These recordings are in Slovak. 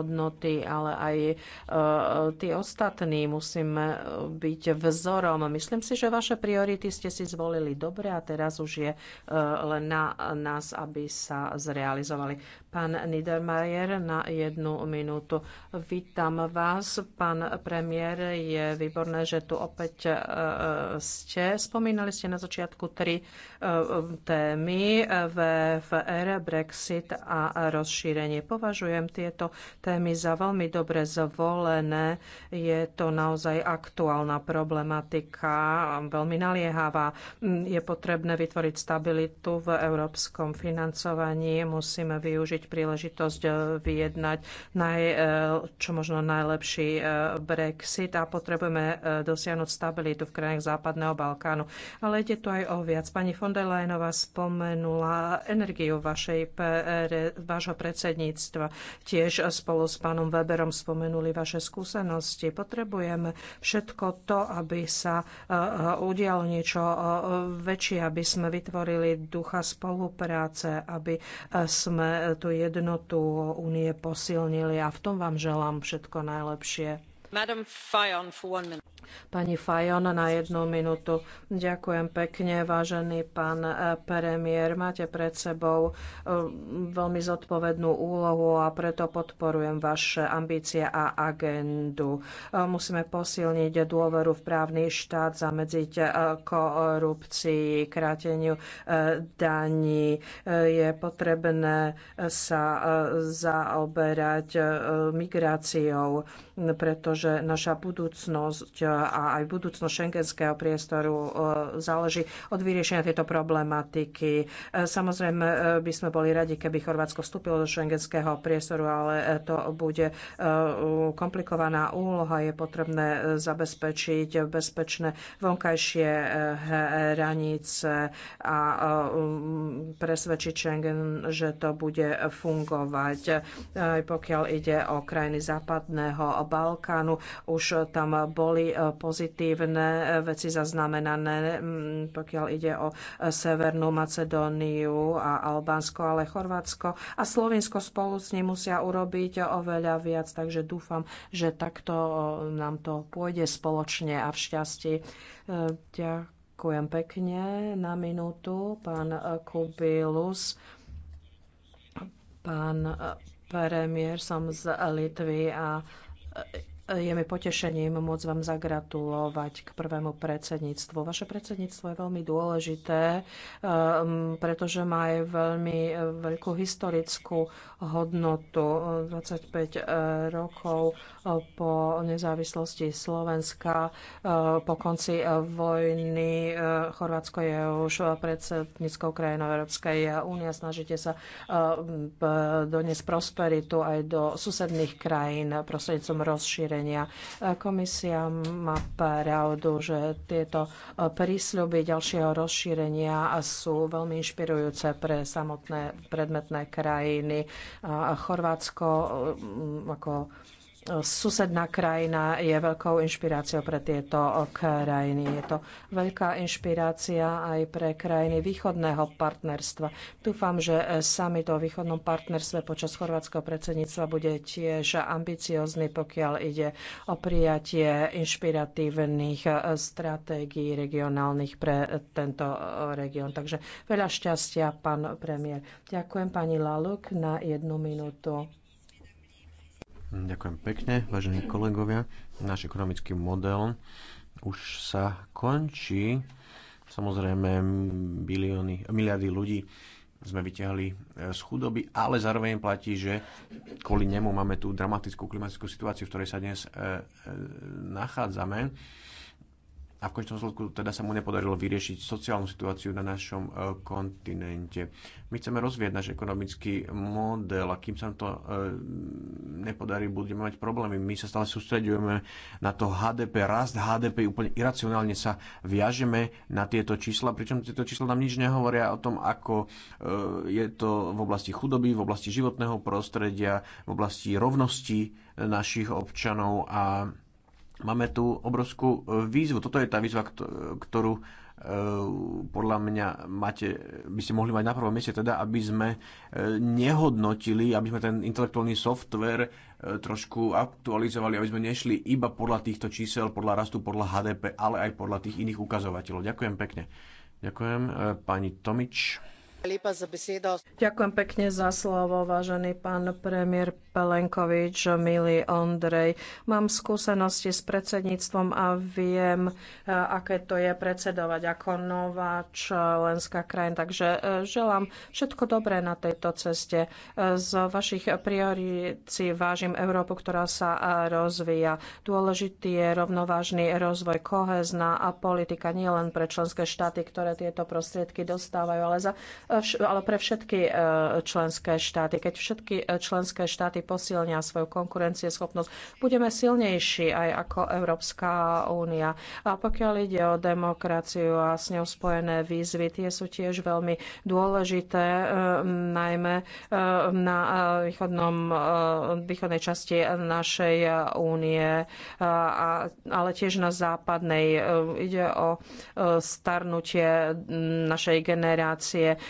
hodnoty, ale aj e, tí ostatní musíme e, byť vzorom. Myslím si, že vaše priority ste si zvolili dobre a teraz už je e, len na nás, aby sa zrealizovali. Pán Niedermayer, na jednu minútu. Vítam vás, pán premiér. Je výborné, že tu opäť ste. Spomínali ste na začiatku tri témy VFR, Brexit a rozšírenie. Považujem tieto témy témy za veľmi dobre zvolené. Je to naozaj aktuálna problematika, veľmi naliehavá. Je potrebné vytvoriť stabilitu v európskom financovaní. Musíme využiť príležitosť e, vyjednať naj, e, čo možno najlepší e, Brexit a potrebujeme dosiahnuť stabilitu v krajinách Západného Balkánu. Ale ide tu aj o viac. Pani von der Leyenová spomenula energiu vašej, vášho predsedníctva. Tiež spolu spolu s pánom Weberom spomenuli vaše skúsenosti. Potrebujeme všetko to, aby sa e, e, udialo niečo e, väčšie, aby sme vytvorili ducha spolupráce, aby sme tú jednotu únie posilnili a v tom vám želám všetko najlepšie. Pani Fajon na jednu minútu. Ďakujem pekne, vážený pán eh, premiér. Máte pred sebou eh, veľmi zodpovednú úlohu a preto podporujem vaše ambície a agendu. Eh, musíme posilniť dôveru v právny štát, zamedziť korupcii, kráteniu daní. Je potrebné sa zaoberať migráciou, pretože že naša budúcnosť eh, a aj budúcnosť šengenského priestoru eh, záleží od vyriešenia tejto problematiky. Eh, samozrejme by sme boli radi, keby Chorvátsko vstúpilo do šengenského priestoru, ale to bude komplikovaná úloha. Je potrebné zabezpečiť bezpečné vonkajšie hranice a um, presvedčiť Schengen, že to bude fungovať. Aj pokiaľ ide o krajiny západného Balkánu, Pakistanu. Už tam boli e, pozitívne e, veci zaznamenané, pokiaľ ide o e, Severnú Macedóniu a Albánsko, ale Chorvátsko a Slovinsko spolu s ním musia urobiť oveľa viac, takže dúfam, že takto nám to pôjde spoločne a v šťastí. Ďakujem pekne na minútu, pán Kubilus. Pán premiér, som z Litvy a je mi potešením môcť vám zagratulovať k prvému predsedníctvu. Vaše predsedníctvo je veľmi dôležité, ehm, pretože má aj veľmi e, veľkú historickú hodnotu. 25 e, rokov e, po nezávislosti Slovenska, po konci vojny Chorvátsko je už predsedníckou krajinou Európskej únie. Snažíte sa doniesť prosperitu aj do susedných krajín prostredníctvom rozšírenia opatrenia. Komisia má pravdu, že tieto prísľuby ďalšieho rozšírenia sú veľmi inšpirujúce pre samotné predmetné krajiny. Chorvátsko mm, ako Susedná krajina je veľkou inšpiráciou pre tieto krajiny. Je to veľká inšpirácia aj pre krajiny východného partnerstva. Dúfam, že sami to o východnom partnerstve počas chorvátskeho predsedníctva bude tiež ambiciozný, pokiaľ ide o prijatie inšpiratívnych stratégií regionálnych pre tento región. Takže veľa šťastia, pán premiér. Ďakujem pani Laluk na jednu minútu. Ďakujem pekne, vážení kolegovia. Náš ekonomický model už sa končí. Samozrejme, bilióny, miliardy ľudí sme vyťahli e, z chudoby, ale zároveň platí, že kvôli nemu máme tú dramatickú klimatickú situáciu, v ktorej sa dnes e, e, nachádzame a v končnom sledku teda sa mu nepodarilo vyriešiť sociálnu situáciu na našom e, kontinente. My chceme rozvieť náš ekonomický model a kým sa to e, nepodarí, budeme mať problémy. My sa stále sústredujeme na to HDP, rast HDP, úplne iracionálne sa viažeme na tieto čísla, pričom tieto čísla nám nič nehovoria o tom, ako e, je to v oblasti chudoby, v oblasti životného prostredia, v oblasti rovnosti našich občanov a máme tu obrovskú e, výzvu. Toto je tá výzva, ktorú e, podľa mňa máte, by ste mohli mať na prvom mieste, teda aby sme e, nehodnotili, aby sme ten intelektuálny software trošku aktualizovali, aby sme nešli iba podľa týchto čísel, podľa rastu, podľa HDP, ale aj podľa tých iných ukazovateľov. Ďakujem pekne. Ďakujem. Pani Tomič. Ďakujem pekne za slovo, vážený pán premiér Pelenkovič, milý Ondrej. Mám skúsenosti s predsedníctvom a viem, e, aké to je predsedovať ako nová členská krajina. Takže e, želám všetko dobré na tejto ceste. E, z vašich priorít si vážim Európu, ktorá sa rozvíja. Dôležitý je rovnovážny rozvoj kohezná a politika nielen pre členské štáty, ktoré tieto prostriedky dostávajú, ale za ale pre všetky e, členské štáty. Keď všetky e, členské štáty posilnia svoju konkurencieschopnosť, budeme silnejší aj ako Európska únia. A pokiaľ ide o demokraciu a s ňou spojené výzvy, tie sú tiež veľmi dôležité, e, najmä na východnom, východnej časti našej únie, ale tiež na západnej. Ide o starnutie našej generácie.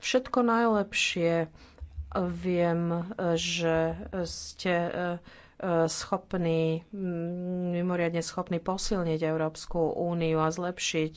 všetko najlepšie. Viem, že ste e, e, schopný, mimoriadne schopný posilniť Európsku úniu a zlepšiť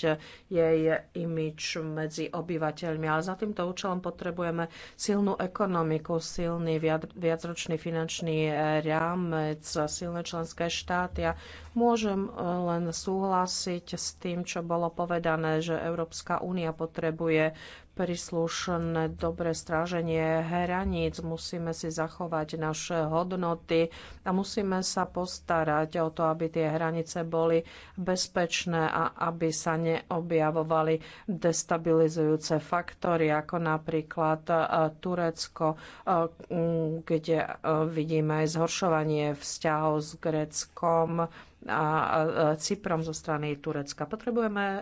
jej imič medzi obyvateľmi. Ale za týmto účelom potrebujeme silnú ekonomiku, silný viacročný finančný e, rámec, silné členské štáty. A môžem len súhlasiť s tým, čo bolo povedané, že Európska únia potrebuje príslušné dobré stráženie hraníc, musíme si zachovať naše hodnoty a musíme sa postarať o to, aby tie hranice boli bezpečné a aby sa neobjavovali destabilizujúce faktory, ako napríklad e, Turecko, e, kde e, vidíme aj zhoršovanie vzťahov s Greckom a Cyprom zo strany Turecka. Potrebujeme e, e,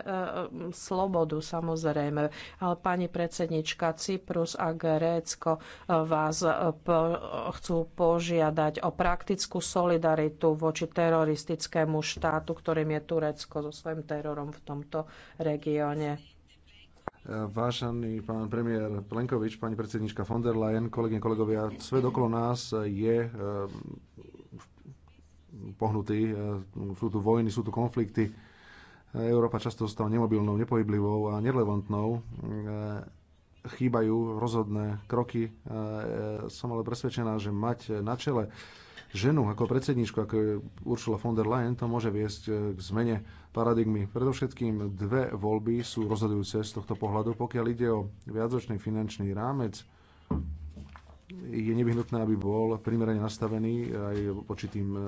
slobodu samozrejme, ale pani predsednička Cyprus a Grécko e, vás po- chcú požiadať o praktickú solidaritu voči teroristickému štátu, ktorým je Turecko so svojím terorom v tomto regióne. Vážený pán premiér Plenkovič, pani predsednička von der Leyen, kolegyne, kolegovia, svet okolo nás je pohnutí. E, sú tu vojny, sú tu konflikty. E, Európa často zostáva nemobilnou, nepohyblivou a nerelevantnou. E, chýbajú rozhodné kroky. Som ale presvedčená, že mať na čele ženu ako predsedničku, ako je Ursula von der Leyen, to môže viesť k zmene paradigmy. Predovšetkým dve voľby sú rozhodujúce z tohto pohľadu. Pokiaľ ide o viacročný finančný rámec, je nevyhnutné, aby bol primerane nastavený aj počitým e,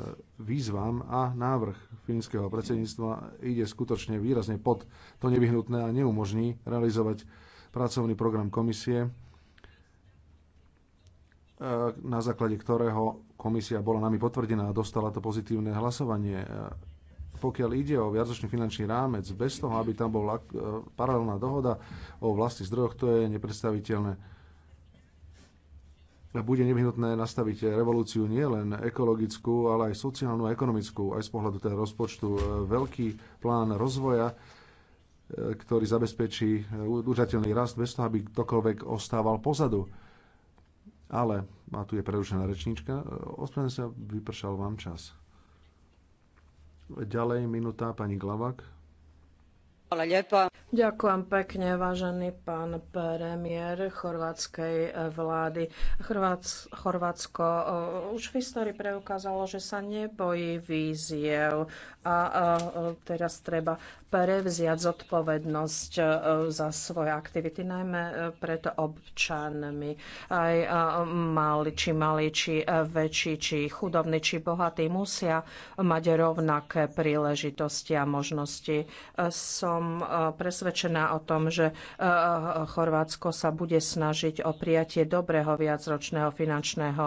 výzvam a návrh fínskeho predsedníctva ide skutočne výrazne pod to nevyhnutné a neumožní realizovať pracovný program komisie, e, na základe ktorého komisia bola nami potvrdená a dostala to pozitívne hlasovanie. E, pokiaľ ide o viacročný finančný rámec, bez toho, aby tam bola paralelná dohoda o vlastných zdrojoch, to je nepredstaviteľné bude nevyhnutné nastaviť revolúciu nielen ekologickú, ale aj sociálnu a ekonomickú, aj z pohľadu teda rozpočtu. E, veľký plán rozvoja, e, ktorý zabezpečí e, udržateľný rast bez toho, aby ktokoľvek ostával pozadu. Ale, a tu je prerušená rečníčka, ospravedlňujem sa, vypršal vám čas. Ďalej minúta pani Glavak. Ďakujem pekne, vážený pán premiér chorvátskej e, vlády. Chorvátsko, e, už v histórii preukázalo, že sa nebojí víziev a e, teraz treba prevziať zodpovednosť e, za svoje aktivity, najmä e, pred občanmi. Aj e, mali, či mali, či väčší, či chudobní, či bohatí musia mať rovnaké príležitosti a možnosti. Som presvedčená o tom, že Chorvátsko sa bude snažiť o prijatie dobrého viacročného finančného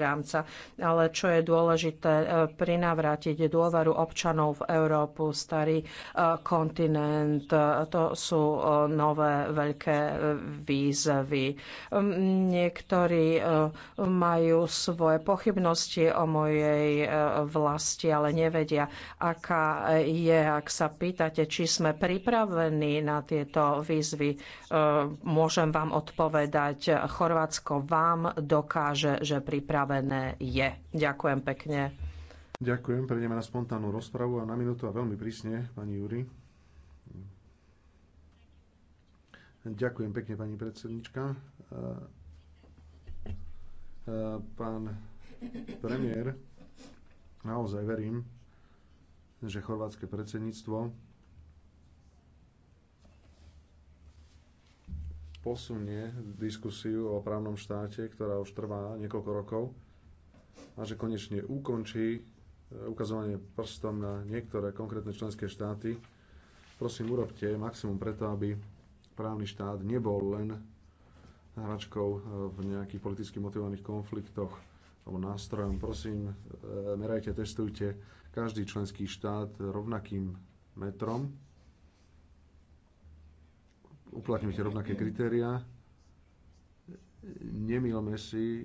rámca. Ale čo je dôležité, prinavrátiť dôveru občanov v Európu. Starý kontinent. To sú nové veľké e, výzvy. Niektorí e, majú svoje pochybnosti o mojej e, vlasti, ale nevedia, aká je. Ak sa pýtate, či sme pripravení na tieto výzvy, môžem vám odpovedať. Chorvátsko vám dokáže, že pripravené je. Ďakujem pekne. Ďakujem, prejdeme na spontánnu rozpravu a na minútu a veľmi prísne, pani Júri. Ďakujem pekne, pani predsednička. E, e, pán premiér, naozaj verím, že chorvátske predsedníctvo posunie diskusiu o právnom štáte, ktorá už trvá niekoľko rokov a že konečne ukončí e, ukazovanie prstom na niektoré konkrétne členské štáty. Prosím, urobte maximum preto, aby právny štát nebol len hračkou e, v nejakých politicky motivovaných konfliktoch alebo nástrojom. Prosím, e, merajte, testujte každý členský štát rovnakým metrom. Uplatňujte rovnaké kritériá. Nemilme si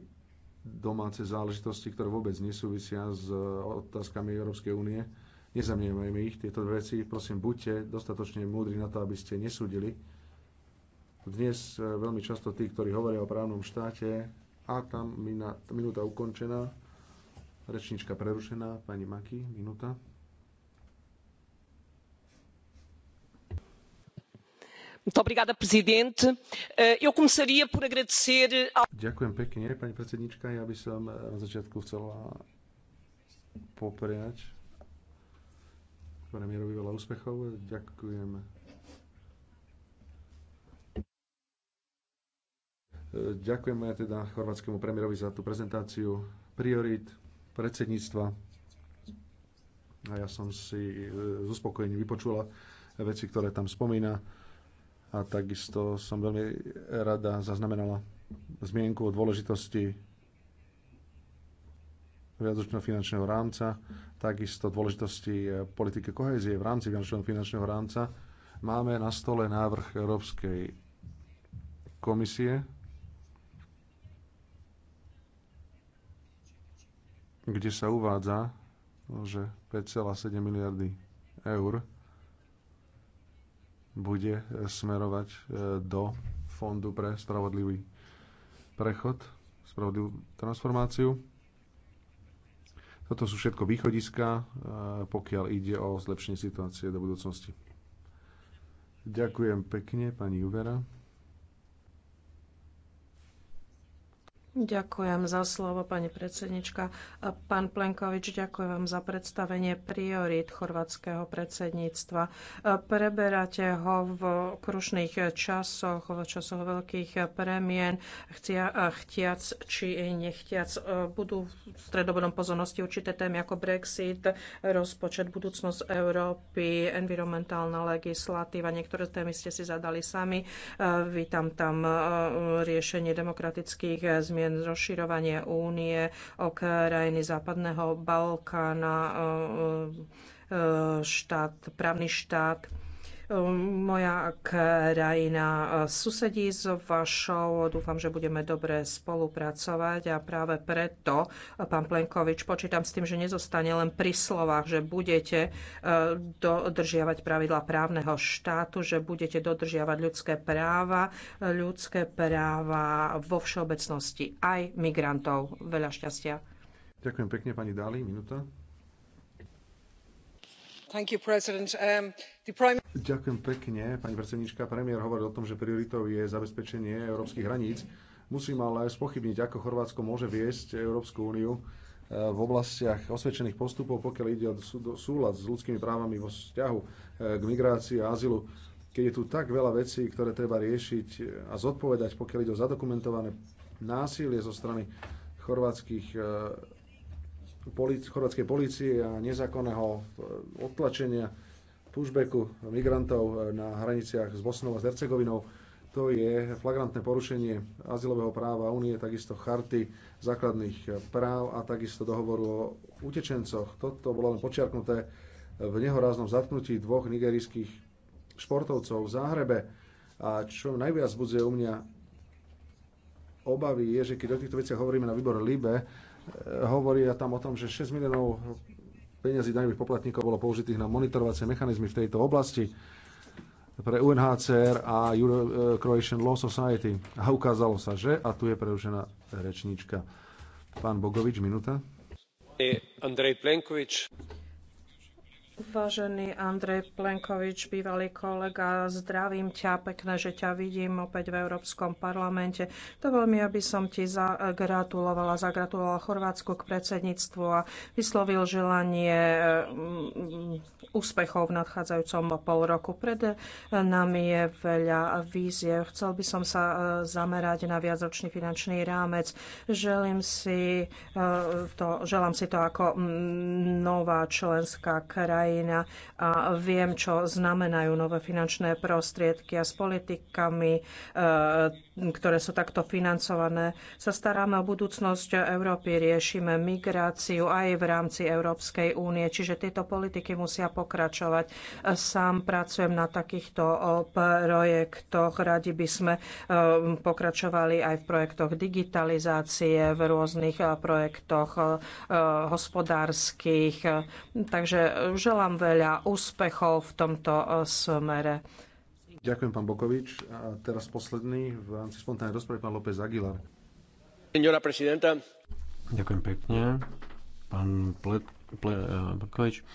domáce záležitosti, ktoré vôbec nesúvisia s e, otázkami Európskej únie. Nezamnievajme ich, tieto veci. Prosím, buďte dostatočne múdri na to, aby ste nesúdili dnes e, veľmi často tí, ktorí hovoria o právnom štáte, a tam minúta ukončená, rečnička prerušená, pani Maki, minúta. Eh, Ďakujem pekne, pani predsednička. Ja by som eh, na začiatku chcela popriať premiérovi veľa úspechov. Ďakujem Ďakujeme teda chorvátskému premiérovi za tú prezentáciu priorit predsedníctva. A ja som si e, z uspokojením vypočula veci, ktoré tam spomína. A takisto som veľmi rada zaznamenala zmienku o dôležitosti viacročného finančného rámca, takisto dôležitosti e, politiky kohézie v rámci viacročného finančného rámca. Máme na stole návrh Európskej komisie kde sa uvádza, že 5,7 miliardy eur bude smerovať e, do Fondu pre spravodlivý prechod, spravodlivú transformáciu. Toto sú všetko východiska, e, pokiaľ ide o zlepšenie situácie do budúcnosti. Ďakujem pekne, pani Juvera. Ďakujem za slovo, pani predsednička. Pán Plenkovič, ďakujem vám za predstavenie priorít chorvátskeho predsedníctva. Preberáte ho v krušných časoch, v časoch veľkých premien, chtiac či nechtiac. Budú v stredobodom pozornosti určité témy ako Brexit, rozpočet, budúcnosť Európy, environmentálna legislatíva. Niektoré témy ste si zadali sami. Vítam tam riešenie demokratických zmien zmien, rozširovanie únie o krajiny západného Balkána, e, e, štát, právny štát Ehm, moja krajina e, susedí s vašou. Dúfam, že budeme dobre spolupracovať a práve preto, e, pán Plenkovič, počítam s tým, že nezostane len pri slovách, že budete e, dodržiavať pravidla právneho štátu, že budete dodržiavať ľudské práva, ľudské práva vo všeobecnosti aj migrantov. Veľa šťastia. Ďakujem pekne, pani Dali. Minúta. Um, Ďakujem pekne, pani predsednička. Premiér hovoril o tom, že prioritou je zabezpečenie európskych hraníc. Musím ale spochybniť, ako Chorvátsko môže viesť Európsku úniu eh, v oblastiach osvedčených postupov, pokiaľ ide o súlad s ľudskými právami vo vzťahu eh, k migrácii a azylu. Keď je tu tak veľa vecí, ktoré treba riešiť a zodpovedať, pokiaľ ide o zadokumentované násilie zo strany chorvátskych eh, polic- chorvátskej policie a nezákonného eh, odtlačenia pushbacku migrantov eh, na hraniciach s Bosnou a s Hercegovinou. To je flagrantné porušenie azylového práva únie, takisto charty základných eh, práv a takisto dohovoru o utečencoch. Toto bolo len počiarknuté v nehoráznom zatknutí dvoch nigerijských športovcov v Záhrebe. A čo najviac budzie u mňa obavy je, že keď o týchto veciach hovoríme na výbor LIBE, Eh, Hovoria tam o tom, že 6 miliónov peniazí daňových poplatníkov bolo použitých na monitorovacie mechanizmy v tejto oblasti pre UNHCR a Euro, eh, Croatian Law Society. A ukázalo sa, že, a tu je prerušená rečníčka. Pán Bogovič, minúta. Eh, Andrej Plenkovič Vážený Andrej Plenkovič, bývalý kolega, zdravím ťa, pekné, že ťa vidím opäť v Európskom parlamente. Dovol mi, aby som ti zagratulovala, zagratulovala Chorvátsku k predsedníctvu a vyslovil želanie mm, úspechov v nadchádzajúcom pol roku. Pred nami je veľa vízie. Chcel by som sa e, zamerať na viacročný finančný rámec. Želím si e, to, želám si to ako mm, nová členská krajina krajina a viem, čo znamenajú nové finančné prostriedky a s politikami, e, ktoré sú takto financované, sa staráme o budúcnosť Európy, riešime migráciu aj v rámci Európskej únie, čiže tieto politiky musia pokračovať. Sám pracujem na takýchto projektoch. Radi by sme e, pokračovali aj v projektoch digitalizácie, v rôznych e, projektoch hospodárskych. Takže želám želám veľa úspechov v tomto eh, smere. Ďakujem, pán Bokovič. A teraz posledný v rámci spontánnej rozpravy, pán López Aguilar. Ďakujem pekne. Pán Plet, Ple, eh, Bokovič.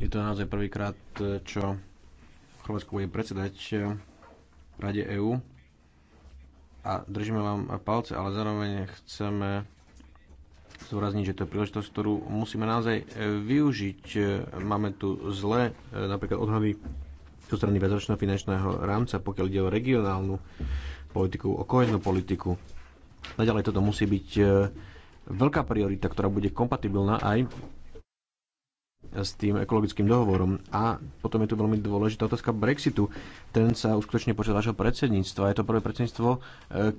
Je to naozaj prvýkrát, eh, čo Chorvátsko bude predsedať Rade EÚ a držíme vám palce, ale zároveň chceme zdôrazniť, že to je príležitosť, ktorú musíme naozaj e, využiť. E, máme tu zlé e, napríklad odhady zo strany väzočného finančného rámca, pokiaľ ide o regionálnu politiku, o kohenú politiku. Naďalej toto musí byť veľká priorita, ktorá bude kompatibilná aj s tým ekologickým dohovorom. A potom je tu veľmi dôležitá otázka Brexitu. Ten sa uskutočne počas vašho predsedníctva. Je to prvé predsedníctvo, e,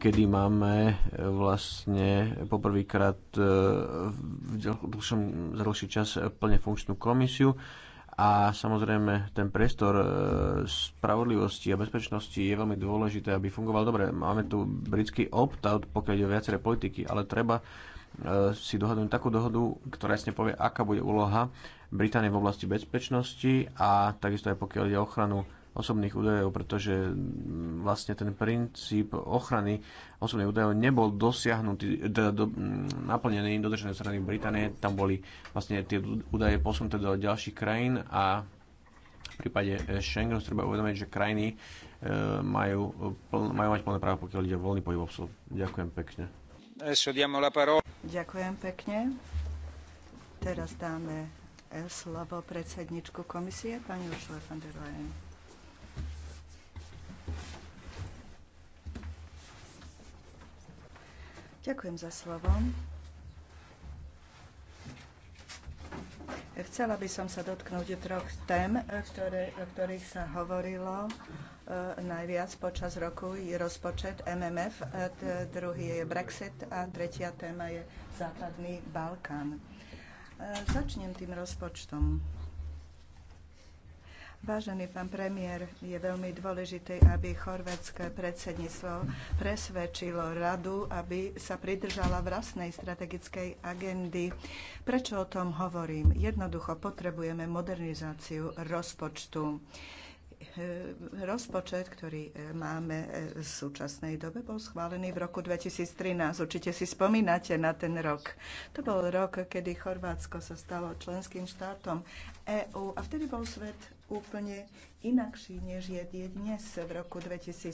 kedy máme e, vlastne poprvýkrát e, v za dlhší čas plne funkčnú komisiu a samozrejme ten priestor spravodlivosti a bezpečnosti je veľmi dôležité, aby fungoval dobre. Máme tu britský opt-out, pokiaľ ide o viaceré politiky, ale treba E, si dohodnúť takú dohodu, ktorá jasne povie, aká bude úloha Británie v oblasti bezpečnosti a takisto aj pokiaľ ide o ochranu osobných údajov, pretože mm, vlastne ten princíp ochrany osobných údajov nebol dosiahnutý, teda do, mm, naplnený, dodržený strany Británie. Tam boli vlastne tie údaje posunuté do ďalších krajín a v prípade e, Schengenu treba uvedomiť, že krajiny e, majú, majú mať plné právo, pokiaľ ide o voľný pohyb osôb. Ďakujem pekne. Ďakujem pekne. Teraz dáme slovo predsedničku komisie, pani Ursula von der Leyen. Ďakujem za slovo. Chcela by som sa dotknúť troch tém, o ktorých sa hovorilo E, najviac počas roku je rozpočet MMF, e, druhý je Brexit a tretia téma je Západný Balkán. E, začnem tým rozpočtom. Vážený pán premiér, je veľmi dôležité, aby chorvátske predsedníctvo presvedčilo radu, aby sa pridržala vlastnej strategickej agendy. Prečo o tom hovorím? Jednoducho potrebujeme modernizáciu rozpočtu. E, rozpočet, ktorý e, máme e, v súčasnej dobe, bol schválený v roku 2013. Určite si spomínate na ten rok. To bol rok, kedy Chorvátsko sa stalo členským štátom EÚ a vtedy bol svet úplne inakší, než je dnes v roku 2013.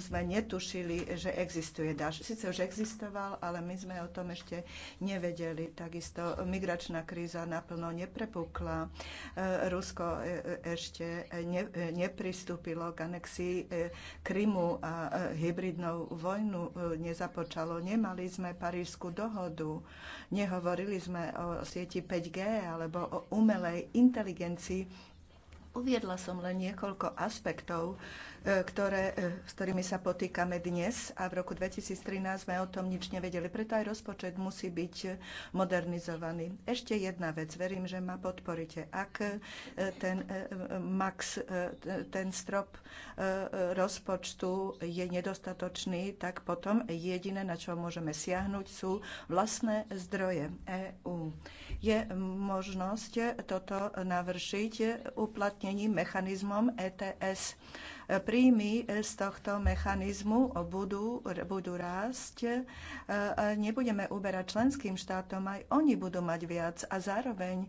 Sme netušili, že existuje daž. Sice už existoval, ale my sme o tom ešte nevedeli. Takisto migračná kríza naplno neprepukla. E, Rusko e, e, ešte nepristúpilo k anexii Krymu a hybridnou vojnu nezapočalo. Nemali sme Parížskú dohodu. Nehovorili sme o sieti 5G alebo o umelej inteligencii Uviedla som len niekoľko aspektov, e, ktoré, e, s ktorými sa potýkame dnes a v roku 2013 sme o tom nič nevedeli. Preto aj rozpočet musí byť modernizovaný. Ešte jedna vec, verím, že ma podporíte. Ak e, ten max, ten strop rozpočtu je nedostatočný, tak potom jediné, na čo môžeme siahnuť, sú vlastné zdroje EÚ je možnosť toto navršiť uplatnením mechanizmom ETS. Príjmy z tohto mechanizmu budú, budú rásť. Nebudeme uberať členským štátom, aj oni budú mať viac a zároveň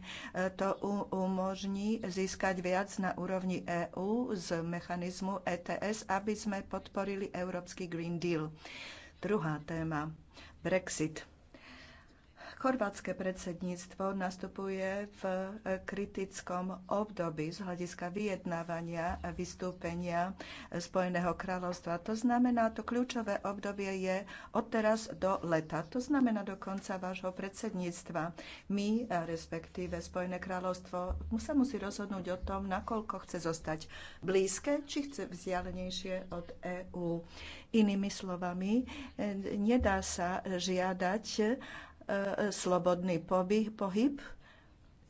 to umožní získať viac na úrovni EÚ z mechanizmu ETS, aby sme podporili Európsky Green Deal. Druhá téma. Brexit. Chorvátske predsedníctvo nastupuje v kritickom období z hľadiska vyjednávania a vystúpenia Spojeného kráľovstva. To znamená, to kľúčové obdobie je od teraz do leta. To znamená do konca vášho predsedníctva. My, respektíve Spojené kráľovstvo, sa musí rozhodnúť o tom, nakoľko chce zostať blízke, či chce vzdialenejšie od EÚ. Inými slovami, nedá sa žiadať E, slobodný pohyb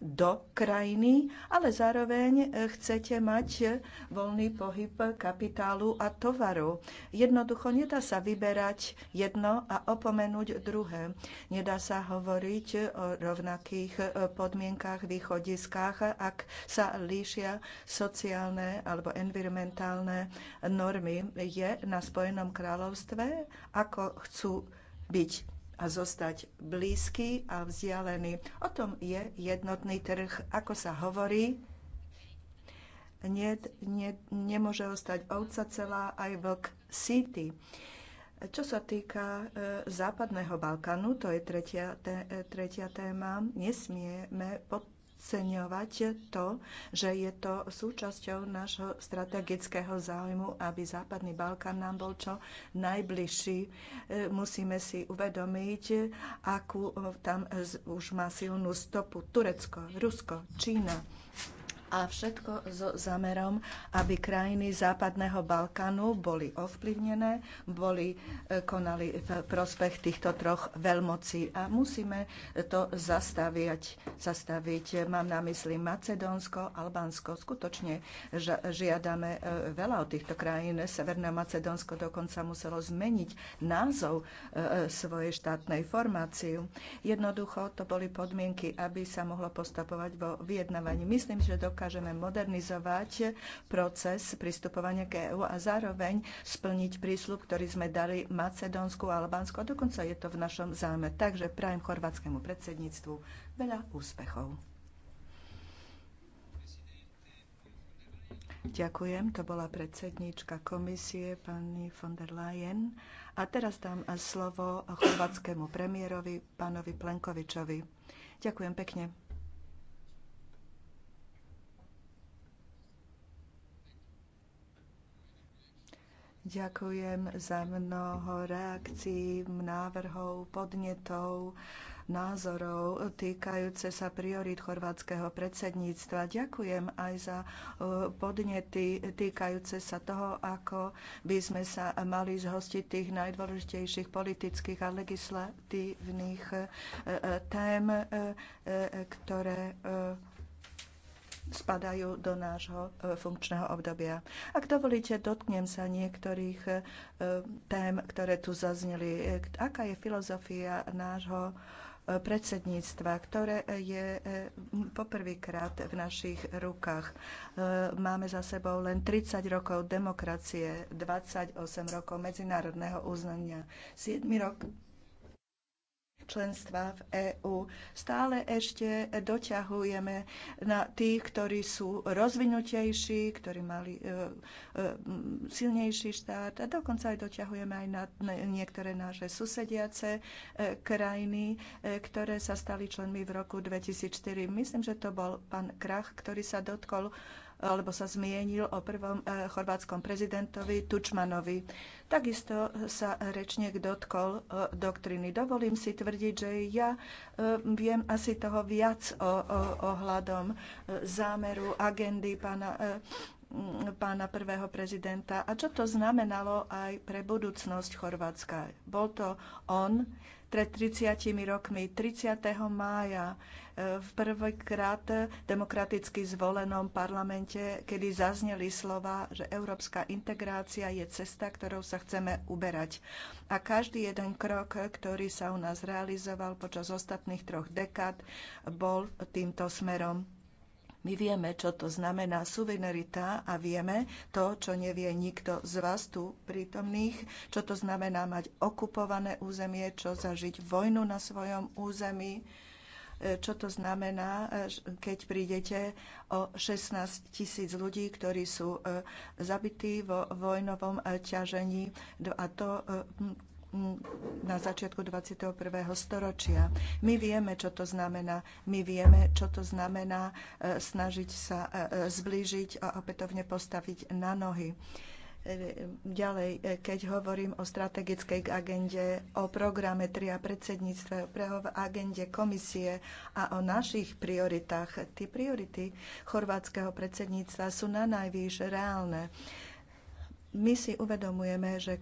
do krajiny, ale zároveň e, chcete mať voľný pohyb kapitálu a tovaru. Jednoducho nedá sa vyberať jedno a opomenúť druhé. Nedá sa hovoriť o rovnakých e, podmienkách, východiskách, ak sa líšia sociálne alebo environmentálne normy. Je na Spojenom kráľovstve, ako chcú byť a zostať blízky a vzdialený. O tom je jednotný trh. Ako sa hovorí, nie, nie, nemôže ostať ovca celá aj vlk City. Čo sa týka e, Západného Balkánu, to je tretia, te, e, tretia téma, nesmieme pod, podceňovať to, že je to súčasťou nášho strategického záujmu, aby Západný Balkán nám bol čo najbližší. E, musíme si uvedomiť, akú tam už má silnú stopu Turecko, Rusko, Čína a všetko so zamerom, aby krajiny Západného Balkánu boli ovplyvnené, boli, e, konali v prospech týchto troch veľmocí. A musíme to zastaviť. zastaviť. Mám na mysli Macedónsko, Albánsko. Skutočne žiadame e, veľa od týchto krajín. Severné Macedónsko dokonca muselo zmeniť názov e, svojej štátnej formácii. Jednoducho to boli podmienky, aby sa mohlo postupovať vo vyjednávaní. Myslím, že do dokážeme modernizovať proces pristupovania k EÚ a zároveň splniť prísľub, ktorý sme dali Macedónsku a Albánsku. A dokonca je to v našom záme. Takže prajem chorvátskému predsedníctvu veľa úspechov. Ďakujem, to bola predsedníčka komisie pani von der Leyen. A teraz dám slovo chorvátskému premiérovi, pánovi Plenkovičovi. Ďakujem pekne. Ďakujem za mnoho reakcií, návrhov, podnetov, názorov týkajúce sa priorít chorvátskeho predsedníctva. Ďakujem aj za e, podnety týkajúce sa toho, ako by sme sa mali zhostiť tých najdôležitejších politických a legislatívnych e, e, tém, ktoré spadajú do nášho e, funkčného obdobia. Ak dovolíte, dotknem sa niektorých e, tém, ktoré tu zazneli. E, aká je filozofia nášho predsedníctva, ktoré je poprvýkrát v našich rukách. Máme za sebou len 30 rokov demokracie, 28 rokov medzinárodného uznania, 7 rokov členstva v EÚ. Stále ešte doťahujeme na tých, ktorí sú rozvinutejší, ktorí mali e, e, silnejší štát a dokonca aj doťahujeme aj na niektoré naše susediace e, krajiny, ktoré sa stali členmi v roku 2004. Myslím, že to bol pán Krach, ktorý sa dotkol alebo sa zmienil o prvom eh, chorvátskom prezidentovi Tučmanovi. Takisto sa rečník dotkol eh, doktriny. Dovolím si tvrdiť, že ja eh, viem asi toho viac o, o, ohľadom zámeru agendy pána pána prvého prezidenta a čo to znamenalo aj pre budúcnosť Chorvátska. Bol to on, pred 30 rokmi, 30. mája, e, v prvýkrát demokraticky zvolenom parlamente, kedy zazneli slova, že európska integrácia je cesta, ktorou sa chceme uberať. A každý jeden krok, ktorý sa u nás realizoval počas ostatných troch dekád, bol týmto smerom. My vieme, čo to znamená suverenita a vieme to, čo nevie nikto z vás tu prítomných, čo to znamená mať okupované územie, čo zažiť vojnu na svojom území e, čo to znamená, e, keď prídete o 16 tisíc ľudí, ktorí sú e, zabití vo vojnovom ťažení. A to na začiatku 21. storočia. My vieme, čo to znamená. My vieme, čo to znamená e, snažiť sa e, e, zblížiť a opätovne postaviť na nohy. Ďalej, keď hovorím o strategickej agende, o programe TRIA predsedníctve, o agende komisie a o našich prioritách, tie priority chorvátskeho predsedníctva sú na najvýš reálne my si uvedomujeme, že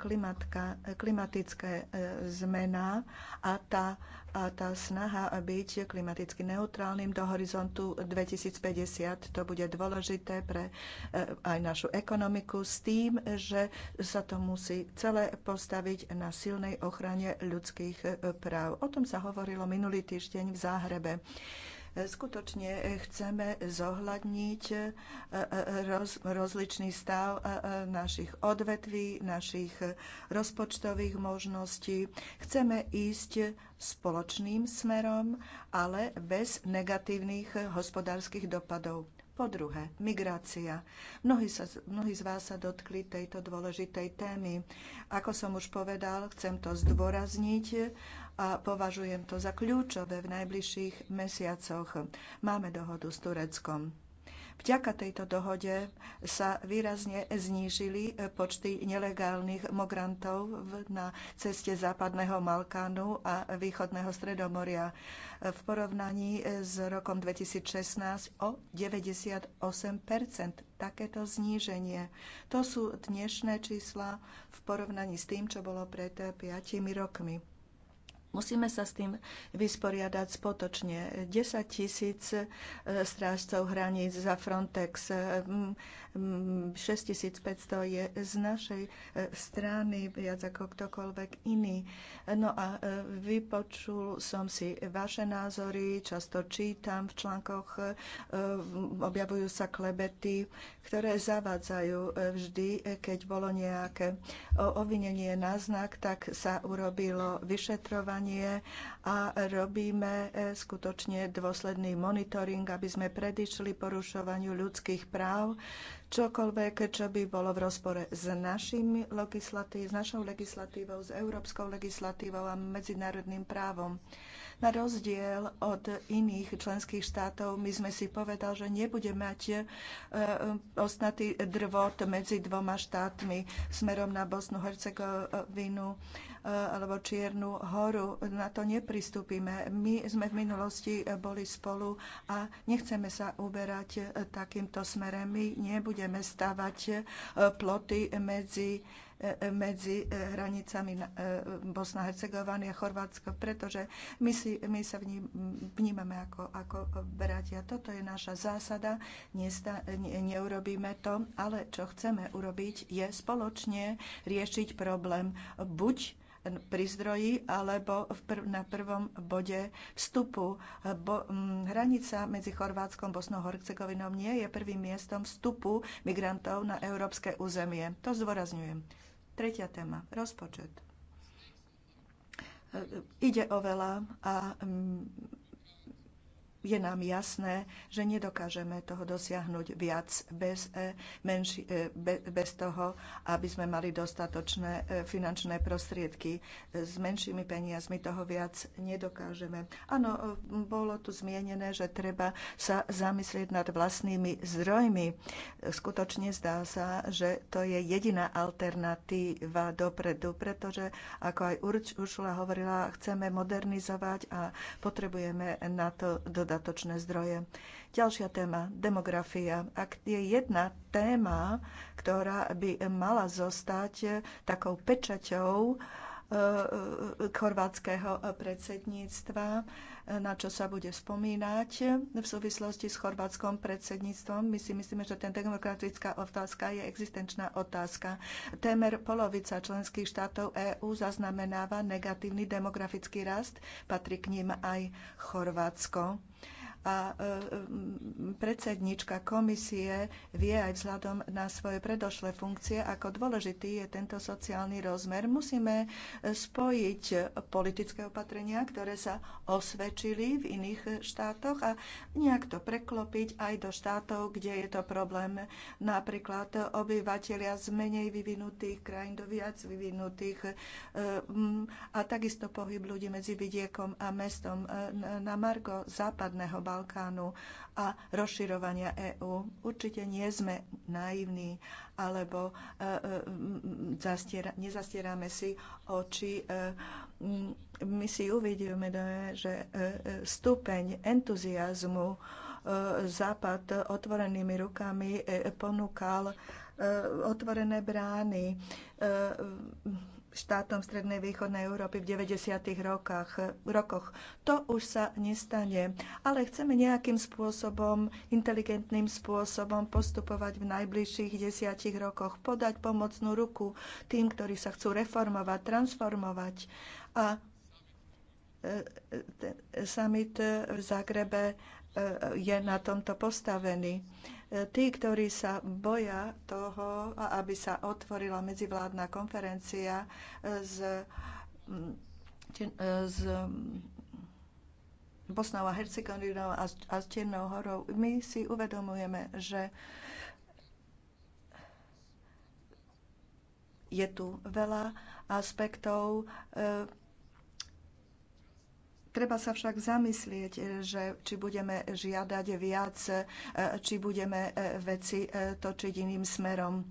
klimatické e, zmena a tá, a tá snaha byť klimaticky neutrálnym do horizontu 2050, to bude dôležité pre e, aj našu ekonomiku s tým, že sa to musí celé postaviť na silnej ochrane ľudských e, práv. O tom sa hovorilo minulý týždeň v Záhrebe. Skutočne chceme zohľadniť e, e, roz, rozličný stav e, našich odvetví, našich rozpočtových možností. Chceme ísť spoločným smerom, ale bez negatívnych hospodárskych dopadov. Po druhé, migrácia. Mnohí, sa, mnohí z vás sa dotkli tejto dôležitej témy. Ako som už povedal, chcem to zdôrazniť a považujem to za kľúčové v najbližších mesiacoch. Máme dohodu s Tureckom Vďaka tejto dohode sa výrazne znížili e, počty nelegálnych migrantov na ceste západného Malkánu a východného Stredomoria e, v porovnaní e, s rokom 2016 o 98 Takéto zníženie. To sú dnešné čísla v porovnaní s tým, čo bolo pred 5 rokmi. Musíme sa s tým vysporiadať spotočne. 10 tisíc eh, strážcov hraníc za Frontex, eh, 6500 je z našej e, strany viac ako ktokoľvek iný. No a e, vypočul som si vaše názory, často čítam v článkoch, e, objavujú sa klebety, ktoré zavádzajú vždy, keď bolo nejaké ovinenie na znak, tak sa urobilo vyšetrovanie a robíme e, skutočne dôsledný monitoring, aby sme predišli porušovaniu ľudských práv, čokoľvek, čo by bolo v rozpore s, našimi legislatív, s našou legislatívou, s európskou legislatívou a medzinárodným právom. Na rozdiel od iných členských štátov, my sme si povedal, že nebude mať e, osnatý drvot medzi dvoma štátmi smerom na Bosnu, Hercegovinu, Eh, alebo Čiernu horu. Na to nepristúpime. My sme v minulosti eh, boli spolu a nechceme sa uberať eh, takýmto smerem. My nebudeme stavať ploty medzi medzi hranicami Bosna Hercegovany a Chorvátska, pretože my, si, my sa vním, vnímame ako, ako bratia. Toto je naša zásada, Nesta, ne, neurobíme to, ale čo chceme urobiť je spoločne riešiť problém buď pri zdroji alebo prv, na prvom bode vstupu. Bo, hm, hranica medzi Chorvátskom a Bosnou Horcegovinou nie je prvým miestom vstupu migrantov na európske územie. To zdôrazňujem. Tretia téma. Rozpočet. E, e, ide o veľa a je nám jasné, že nedokážeme toho dosiahnuť viac bez, e, menši, e, bez toho, aby sme mali dostatočné e, finančné prostriedky. S menšími peniazmi toho viac nedokážeme. Áno, bolo tu zmienené, že treba sa zamyslieť nad vlastnými zdrojmi. Skutočne zdá sa, že to je jediná alternatíva dopredu, pretože, ako aj Určula hovorila, chceme modernizovať a potrebujeme na to dodať dodatočné zdroje. Ďalšia téma, demografia. Ak je jedna téma, ktorá by mala zostať takou pečaťou, Eh, chorvátskeho predsedníctva, eh, na čo sa bude spomínať v súvislosti s chorvátskom predsedníctvom. My si myslíme, že ten demokratická otázka je existenčná otázka. Témer polovica členských štátov EÚ zaznamenáva negatívny demografický rast, patrí k ním aj Chorvátsko a e, predsednička komisie vie aj vzhľadom na svoje predošlé funkcie, ako dôležitý je tento sociálny rozmer. Musíme e, spojiť politické opatrenia, ktoré sa osvedčili v iných štátoch a nejak to preklopiť aj do štátov, kde je to problém. Napríklad obyvateľia z menej vyvinutých krajín do viac vyvinutých e, a takisto pohyb ľudí medzi vidiekom a mestom na Margo západného Balkánu a rozširovania EÚ. Určite nie sme naivní alebo e, e, nezastierame si oči. E, my si uvidíme, no, že stupeň entuziasmu Západ otvorenými rukami ponúkal otvorené brány štátom Strednej východnej Európy v 90. Rokách, rokoch. To už sa nestane, ale chceme nejakým spôsobom, inteligentným spôsobom postupovať v najbližších desiatich rokoch, podať pomocnú ruku tým, ktorí sa chcú reformovať, transformovať. A e, e, summit v Zagrebe e, je na tomto postavený. Tí, ktorí sa boja toho, aby sa otvorila medzivládna konferencia z, z Bosnou a Hercegovinou a, a s Čiernou horou, my si uvedomujeme, že je tu veľa aspektov, e, Treba sa však zamyslieť, e, že či budeme žiadať viac, e, či budeme e, veci točiť iným smerom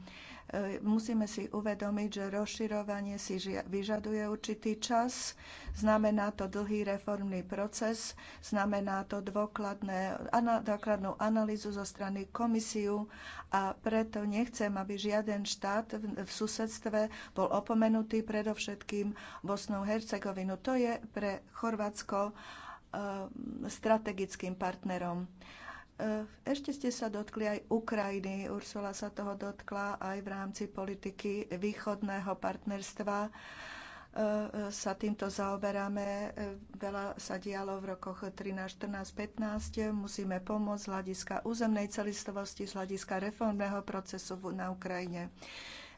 Musíme si uvedomiť, že rozširovanie si vyžaduje určitý čas, znamená to dlhý reformný proces, znamená to dôkladné, dôkladnú analýzu zo strany komisiu a preto nechcem, aby žiaden štát v, v susedstve bol opomenutý predovšetkým Bosnou Hercegovinu. To je pre Chorvátsko eh, strategickým partnerom. Eh, ešte ste sa dotkli aj Ukrajiny. Ursula sa toho dotkla aj v rámci politiky východného partnerstva. Eh, sa týmto zaoberáme. Eh, veľa sa dialo v rokoch 13, 14, 15. Musíme pomôcť z hľadiska územnej celistovosti, z hľadiska reformného procesu na Ukrajine.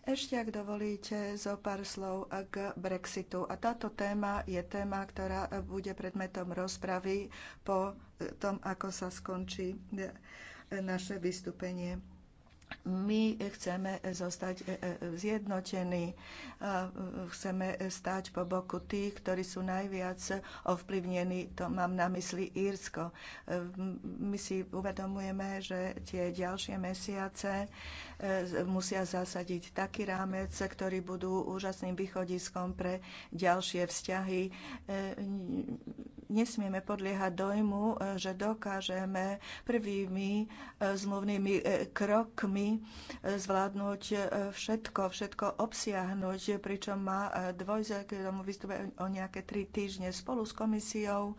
Ešte, ak dovolíte, zo pár slov k Brexitu. A táto téma je téma, ktorá bude predmetom rozpravy po tom, ako sa skončí naše vystúpenie my chceme zostať e, e, zjednotení, e, chceme stať po boku tých, ktorí sú najviac ovplyvnení, to mám na mysli Írsko. My si uvedomujeme, že tie ďalšie mesiace musia zasadiť taký rámec, ktorý budú úžasným východiskom pre ďalšie vzťahy. Nesmieme podliehať dojmu, že dokážeme prvými zmluvnými krokmi schopný eh, zvládnuť eh, všetko, všetko obsiahnuť, pričom má eh, dvojze k tomu vystupuje o nejaké tri týždne. Spolu s komisiou,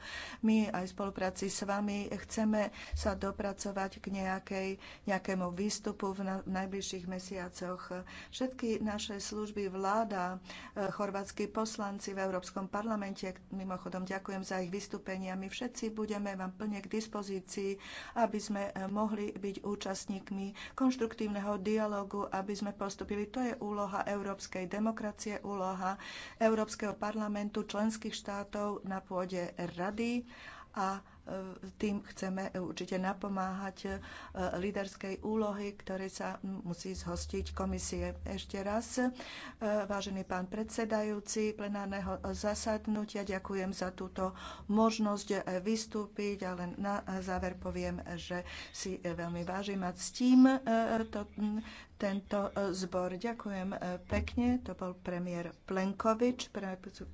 my aj v spolupráci s vami chceme sa dopracovať k nejakej, nejakému výstupu v, na, v najbližších mesiacoch. Všetky naše služby vláda, chorvátsky poslanci v Európskom parlamente, mimochodom ďakujem za ich vystúpenia, my všetci budeme vám plne k dispozícii, aby sme mohli byť účastníkmi konštruktívnych konštruktívneho dialogu, aby sme postupili. To je úloha európskej demokracie, úloha Európskeho parlamentu, členských štátov na pôde rady a tým chceme určite napomáhať e, líderskej úlohy, ktoré sa musí zhostiť komisie. Ešte raz, e, vážený pán predsedajúci plenárneho zasadnutia, ďakujem za túto možnosť e, vystúpiť a len na záver poviem, že si veľmi vážim a ctím to tento e, zbor. Ďakujem e, pekne. To bol premiér Plenkovič.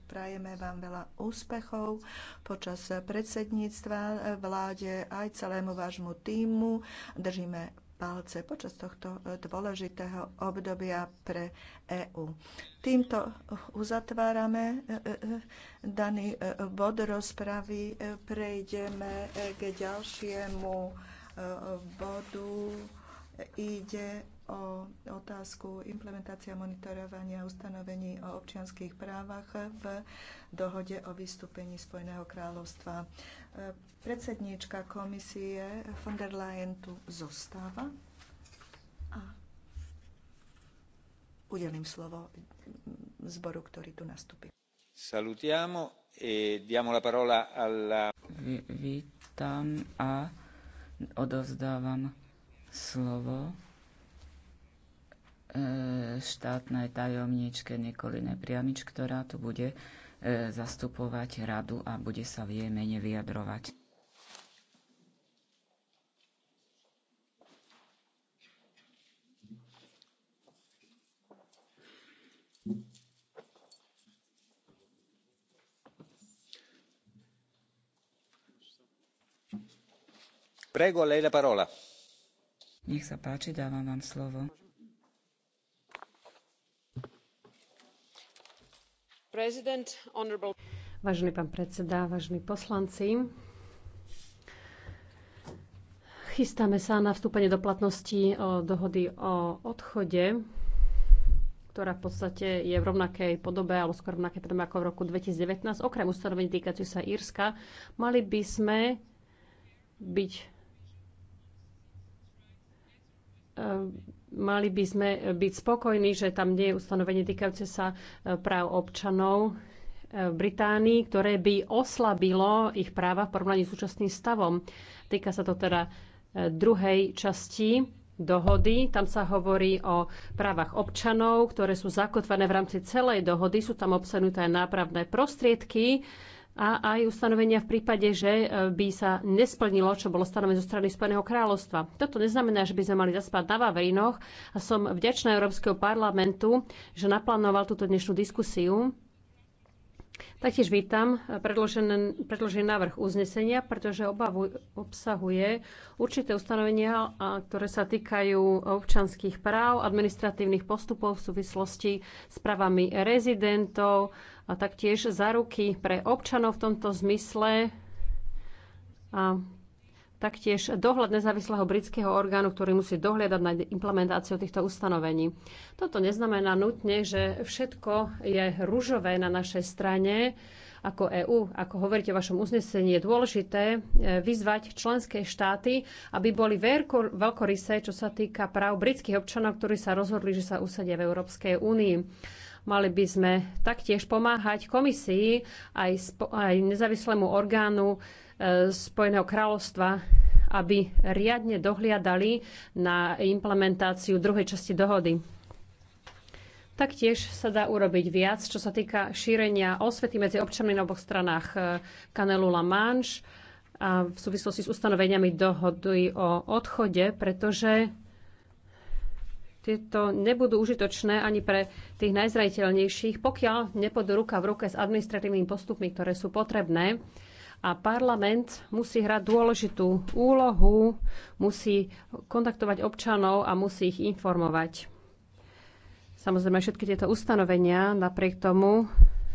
Prajeme vám veľa úspechov počas predsedníctva e, vláde aj celému vášmu týmu. Držíme palce počas tohto dôležitého obdobia pre EÚ. Týmto uzatvárame daný bod rozpravy. Prejdeme k ďalšiemu bodu ide o otázku implementácia monitorovania ustanovení o občianských právach v dohode o vystúpení Spojeného kráľovstva. Predsedníčka komisie von der Leyen tu zostáva a udelím slovo zboru, ktorý tu nastúpi. Salutiamo e diamo la parola alla... Vítam a odovzdávam slovo E, štátnej tajomničke Nikoline Priamič, ktorá tu bude e, zastupovať radu a bude sa v jej mene vyjadrovať. Prego, lei la parola. Nech sa páči, dávam vám slovo. Vážený pán predseda, vážení poslanci, chystáme sa na vstúpenie do platnosti o e, dohody o odchode, ktorá v podstate je v rovnakej podobe, alebo skôr v rovnakej podobe ako v roku 2019. Okrem ustanovení týkajúcich sa Írska, mali by sme byť e, mali by sme byť spokojní, že tam nie je ustanovenie týkajúce sa e, práv občanov e, v Británii, ktoré by oslabilo ich práva v porovnaní s súčasným stavom. Týka sa to teda e, druhej časti dohody. Tam sa hovorí o právach občanov, ktoré sú zakotvené v rámci celej dohody. Sú tam obsahnuté aj nápravné prostriedky a aj ustanovenia v prípade, že e, by sa nesplnilo, čo bolo stanovené zo strany Spojeného kráľovstva. Toto neznamená, že by sme mali zaspať na Vavrinoch a som vďačná Európskeho parlamentu, že naplánoval túto dnešnú diskusiu. Taktiež vítam predložený, predložený návrh uznesenia, pretože obavu obsahuje určité ustanovenia, ktoré sa týkajú občanských práv, administratívnych postupov v súvislosti s právami rezidentov, a taktiež záruky pre občanov v tomto zmysle a taktiež dohľad nezávislého britského orgánu, ktorý musí dohliadať na implementáciu týchto ustanovení. Toto neznamená nutne, že všetko je rúžové na našej strane ako EÚ. Ako hovoríte v vašom uznesení, je dôležité e, vyzvať členské štáty, aby boli veľkorysé, čo sa týka práv britských občanov, ktorí sa rozhodli, že sa usadia v Európskej únii. Mali by sme taktiež pomáhať komisii aj, aj nezávislému orgánu e, Spojeného kráľovstva, aby riadne dohliadali na implementáciu druhej časti dohody. Taktiež sa dá urobiť viac, čo sa týka šírenia osvety medzi občanmi na oboch stranách Kanelu e, La Manche a v súvislosti s ustanoveniami dohody o odchode, pretože tieto nebudú užitočné ani pre tých najzraniteľnejších, pokiaľ nepôjdu ruka v ruke s administratívnymi postupmi, ktoré sú potrebné. A parlament musí hrať dôležitú úlohu, musí kontaktovať občanov a musí ich informovať. Samozrejme, všetky tieto ustanovenia napriek tomu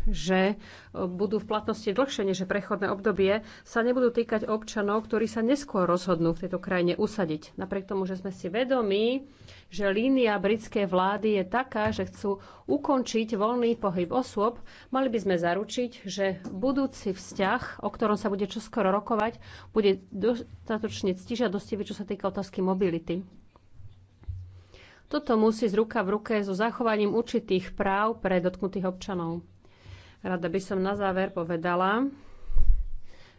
že eh, budú v platnosti dlhšie než prechodné obdobie, sa nebudú týkať občanov, ktorí sa neskôr rozhodnú v tejto krajine usadiť. Napriek tomu, že sme si vedomí, že línia britskej vlády je taká, že chcú ukončiť voľný pohyb osôb, mali by sme zaručiť, že budúci vzťah, o ktorom sa bude čoskoro rokovať, bude dostatočne ctižadostivý, čo sa týka otázky mobility. Toto musí z ruka v ruke so zachovaním určitých práv pre dotknutých občanov. Rada by som na záver povedala,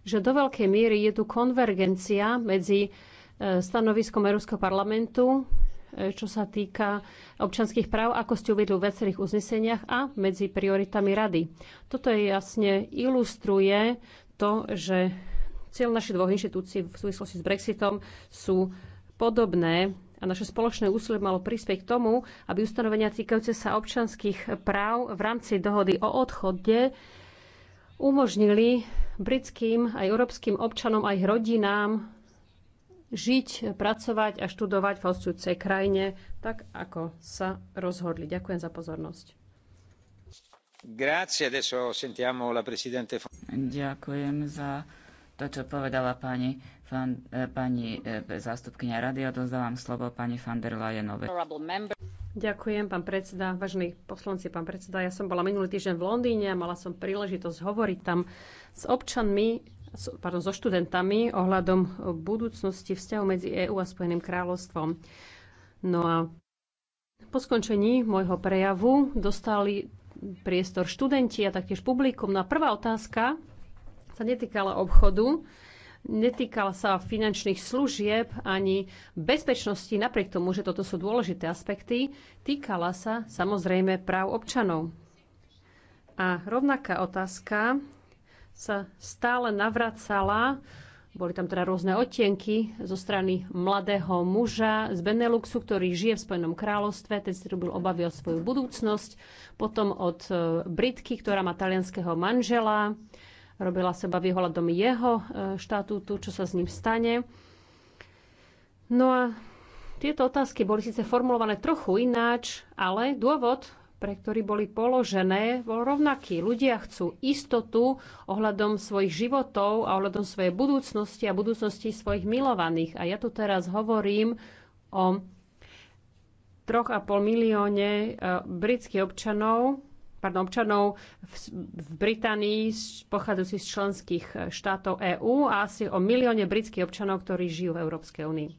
že do veľkej miery je tu konvergencia medzi e, stanoviskom Európskeho parlamentu, e, čo sa týka občanských práv, ako ste uvedli v viacerých uzneseniach a medzi prioritami rady. Toto jasne ilustruje to, že cieľ našich dvoch inštitúcií v súvislosti s Brexitom sú podobné a naše spoločné úsilie malo prispieť k tomu, aby ustanovenia týkajúce sa občanských práv v rámci dohody o odchode umožnili britským aj európskym občanom aj rodinám žiť, pracovať a študovať v hostujúcej krajine, tak ako sa rozhodli. Ďakujem za pozornosť. Grazie, adesso sentiamo la presidente. Ďakujem za to, čo povedala pani, fan, e, pani e, zástupkynia rady. Odozdávam slovo pani van der Leyenovej. Ďakujem, pán predseda. Vážení poslanci, pán predseda, ja som bola minulý týždeň v Londýne a mala som príležitosť hovoriť tam s občanmi, pardon, so študentami ohľadom budúcnosti vzťahu medzi EÚ a Spojeným kráľovstvom. No a po skončení môjho prejavu dostali priestor študenti a taktiež publikum. No a prvá otázka, sa netýkala obchodu, netýkala sa finančných služieb ani bezpečnosti, napriek tomu, že toto sú dôležité aspekty, týkala sa samozrejme práv občanov. A rovnaká otázka sa stále navracala, boli tam teda rôzne odtienky zo strany mladého muža z Beneluxu, ktorý žije v Spojenom kráľovstve, ten si robil obavy o svoju budúcnosť, potom od e, Britky, ktorá má talianského manžela, robila seba vyhľadom jeho e, štatútu, čo sa s ním stane. No a tieto otázky boli síce formulované trochu ináč, ale dôvod, pre ktorý boli položené, bol rovnaký. Ľudia chcú istotu ohľadom svojich životov a ohľadom svojej budúcnosti a budúcnosti svojich milovaných. A ja tu teraz hovorím o 3,5 milióne e, britských občanov, pardon, občanov v, v Británii pochádzajúcich z členských štátov EÚ a asi o milióne britských občanov, ktorí žijú v Európskej únii.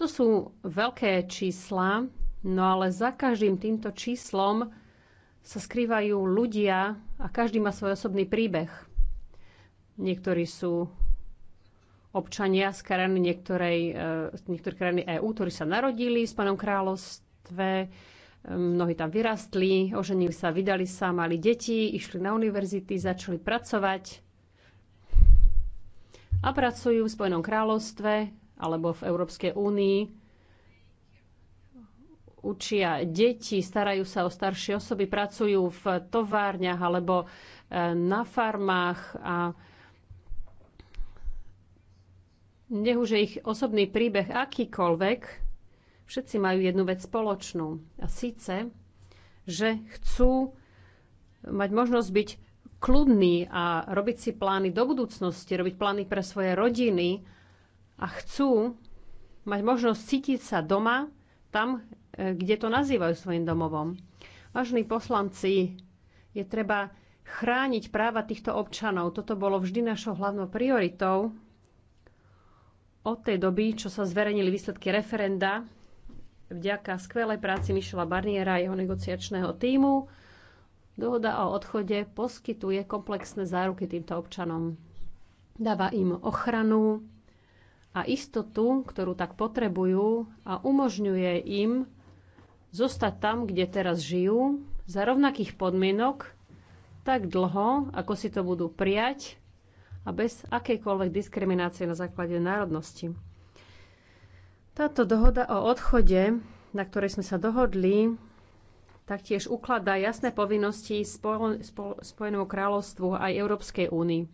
To sú veľké čísla, no ale za každým týmto číslom sa skrývajú ľudia a každý má svoj osobný príbeh. Niektorí sú občania z krajiny niektorej, e, krajiny EÚ, ktorí sa narodili v Spanom kráľovstve, Mnohí tam vyrastli, oženili sa, vydali sa, mali deti, išli na univerzity, začali pracovať a pracujú v Spojenom kráľovstve alebo v Európskej únii učia deti, starajú sa o staršie osoby, pracujú v továrniach alebo e, na farmách a nech už je ich osobný príbeh akýkoľvek, všetci majú jednu vec spoločnú. A síce, že chcú mať možnosť byť kľudní a robiť si plány do budúcnosti, robiť plány pre svoje rodiny a chcú mať možnosť cítiť sa doma, tam, e, kde to nazývajú svojim domovom. Vážení poslanci, je treba chrániť práva týchto občanov. Toto bolo vždy našou hlavnou prioritou od tej doby, čo sa zverejnili výsledky referenda vďaka skvelej práci Mišela Barniera a jeho negociačného týmu. Dohoda o odchode poskytuje komplexné záruky týmto občanom. Dáva im ochranu a istotu, ktorú tak potrebujú a umožňuje im zostať tam, kde teraz žijú, za rovnakých podmienok, tak dlho, ako si to budú prijať a bez akejkoľvek diskriminácie na základe národnosti. Táto dohoda o odchode, na ktorej sme sa dohodli, taktiež ukladá jasné povinnosti Spojenému kráľovstvu aj Európskej únii.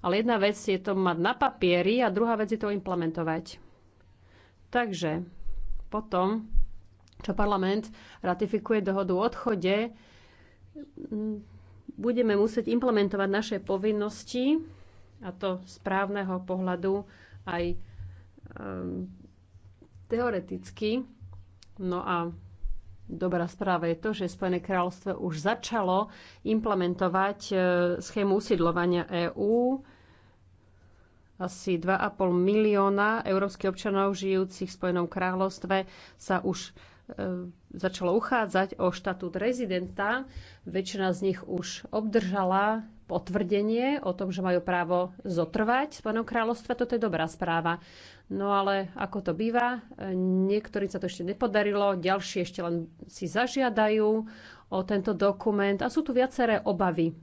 Ale jedna vec je to mať na papieri a druhá vec je to implementovať. Takže potom, čo parlament ratifikuje dohodu o odchode, budeme musieť implementovať naše povinnosti, a to z právneho pohľadu aj um, teoreticky. No a dobrá správa je to, že Spojené kráľovstvo už začalo implementovať e, schému usídlovania EÚ. Asi 2,5 milióna európskych občanov žijúcich v Spojenom kráľovstve sa už e, začalo uchádzať o štatút rezidenta. Väčšina z nich už obdržala potvrdenie o tom, že majú právo zotrvať v Spojenom kráľovstve. Toto je dobrá správa. No ale ako to býva, niektorým sa to ešte nepodarilo, ďalší ešte len si zažiadajú o tento dokument a sú tu viaceré obavy.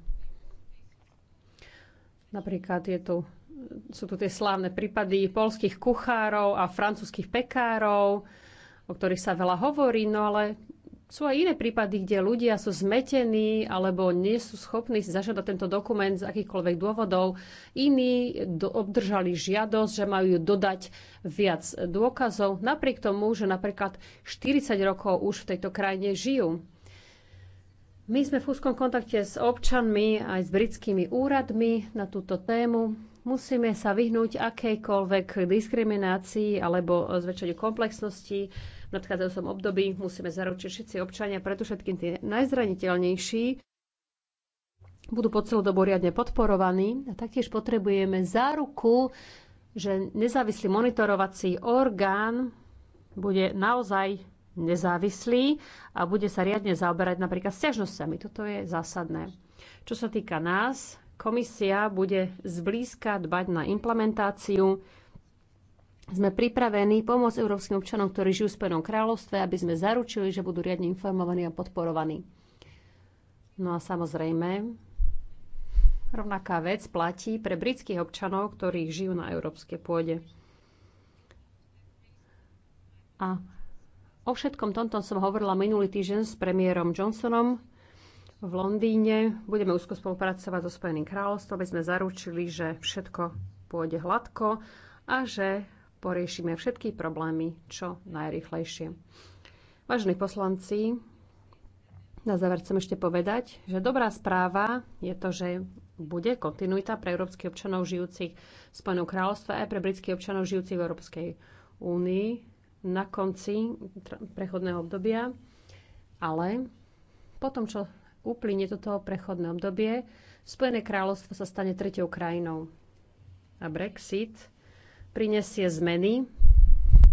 Napríklad je tu, sú tu tie slávne prípady polských kuchárov a francúzských pekárov, o ktorých sa veľa hovorí, no ale sú aj iné prípady, kde ľudia sú zmetení alebo nie sú schopní si zažiadať tento dokument z akýchkoľvek dôvodov. Iní do, obdržali žiadosť, že majú dodať viac dôkazov, napriek tomu, že napríklad 40 rokov už v tejto krajine žijú. My sme v úzkom kontakte s občanmi aj s britskými úradmi na túto tému. Musíme sa vyhnúť akejkoľvek diskriminácii alebo zväčšeniu komplexnosti nadchádzajúcom období musíme zaručiť všetci občania, preto všetkým tí najzraniteľnejší budú po celú dobu riadne podporovaní. A taktiež potrebujeme záruku, že nezávislý monitorovací orgán bude naozaj nezávislý a bude sa riadne zaoberať napríklad sťažnosťami. Toto je zásadné. Čo sa týka nás, komisia bude zblízka dbať na implementáciu sme pripravení pomôcť európskym občanom, ktorí žijú v Spojenom kráľovstve, aby sme zaručili, že budú riadne informovaní a podporovaní. No a samozrejme, rovnaká vec platí pre britských občanov, ktorí žijú na európskej pôde. A o všetkom tomto som hovorila minulý týždeň s premiérom Johnsonom v Londýne. Budeme úzko spolupracovať so Spojeným kráľovstvom, aby sme zaručili, že všetko pôjde hladko a že poriešime všetky problémy čo najrychlejšie. Vážení poslanci, na záver chcem ešte povedať, že dobrá správa je to, že bude kontinuita pre európskych občanov žijúcich v Spojenom kráľovstve aj pre britských občanov žijúcich v Európskej únii na konci prechodného obdobia. Ale potom, čo uplynie toto prechodné obdobie, Spojené kráľovstvo sa stane tretiou krajinou. A Brexit prinesie zmeny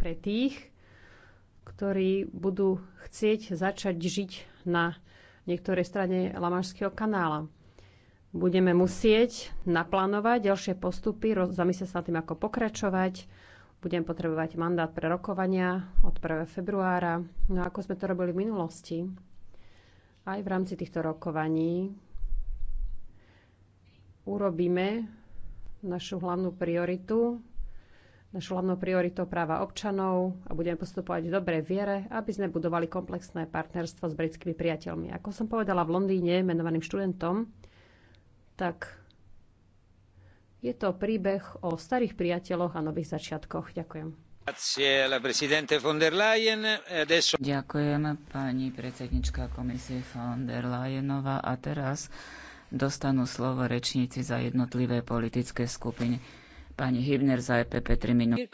pre tých, ktorí budú chcieť začať žiť na niektorej strane Lamašského kanála. Budeme musieť naplánovať ďalšie postupy, zamyslieť sa nad tým, ako pokračovať. Budem potrebovať mandát pre rokovania od 1. februára. No ako sme to robili v minulosti, aj v rámci týchto rokovaní urobíme našu hlavnú prioritu našou hlavnou prioritou práva občanov a budeme postupovať v dobrej viere, aby sme budovali komplexné partnerstvo s britskými priateľmi. Ako som povedala v Londýne menovaným študentom, tak je to príbeh o starých priateľoch a nových začiatkoch. Ďakujem. Ďakujem pani predsednička komisie von der Leyenová a teraz dostanú slovo rečníci za jednotlivé politické skupiny. Pani Hybner za EPP 3 minúty.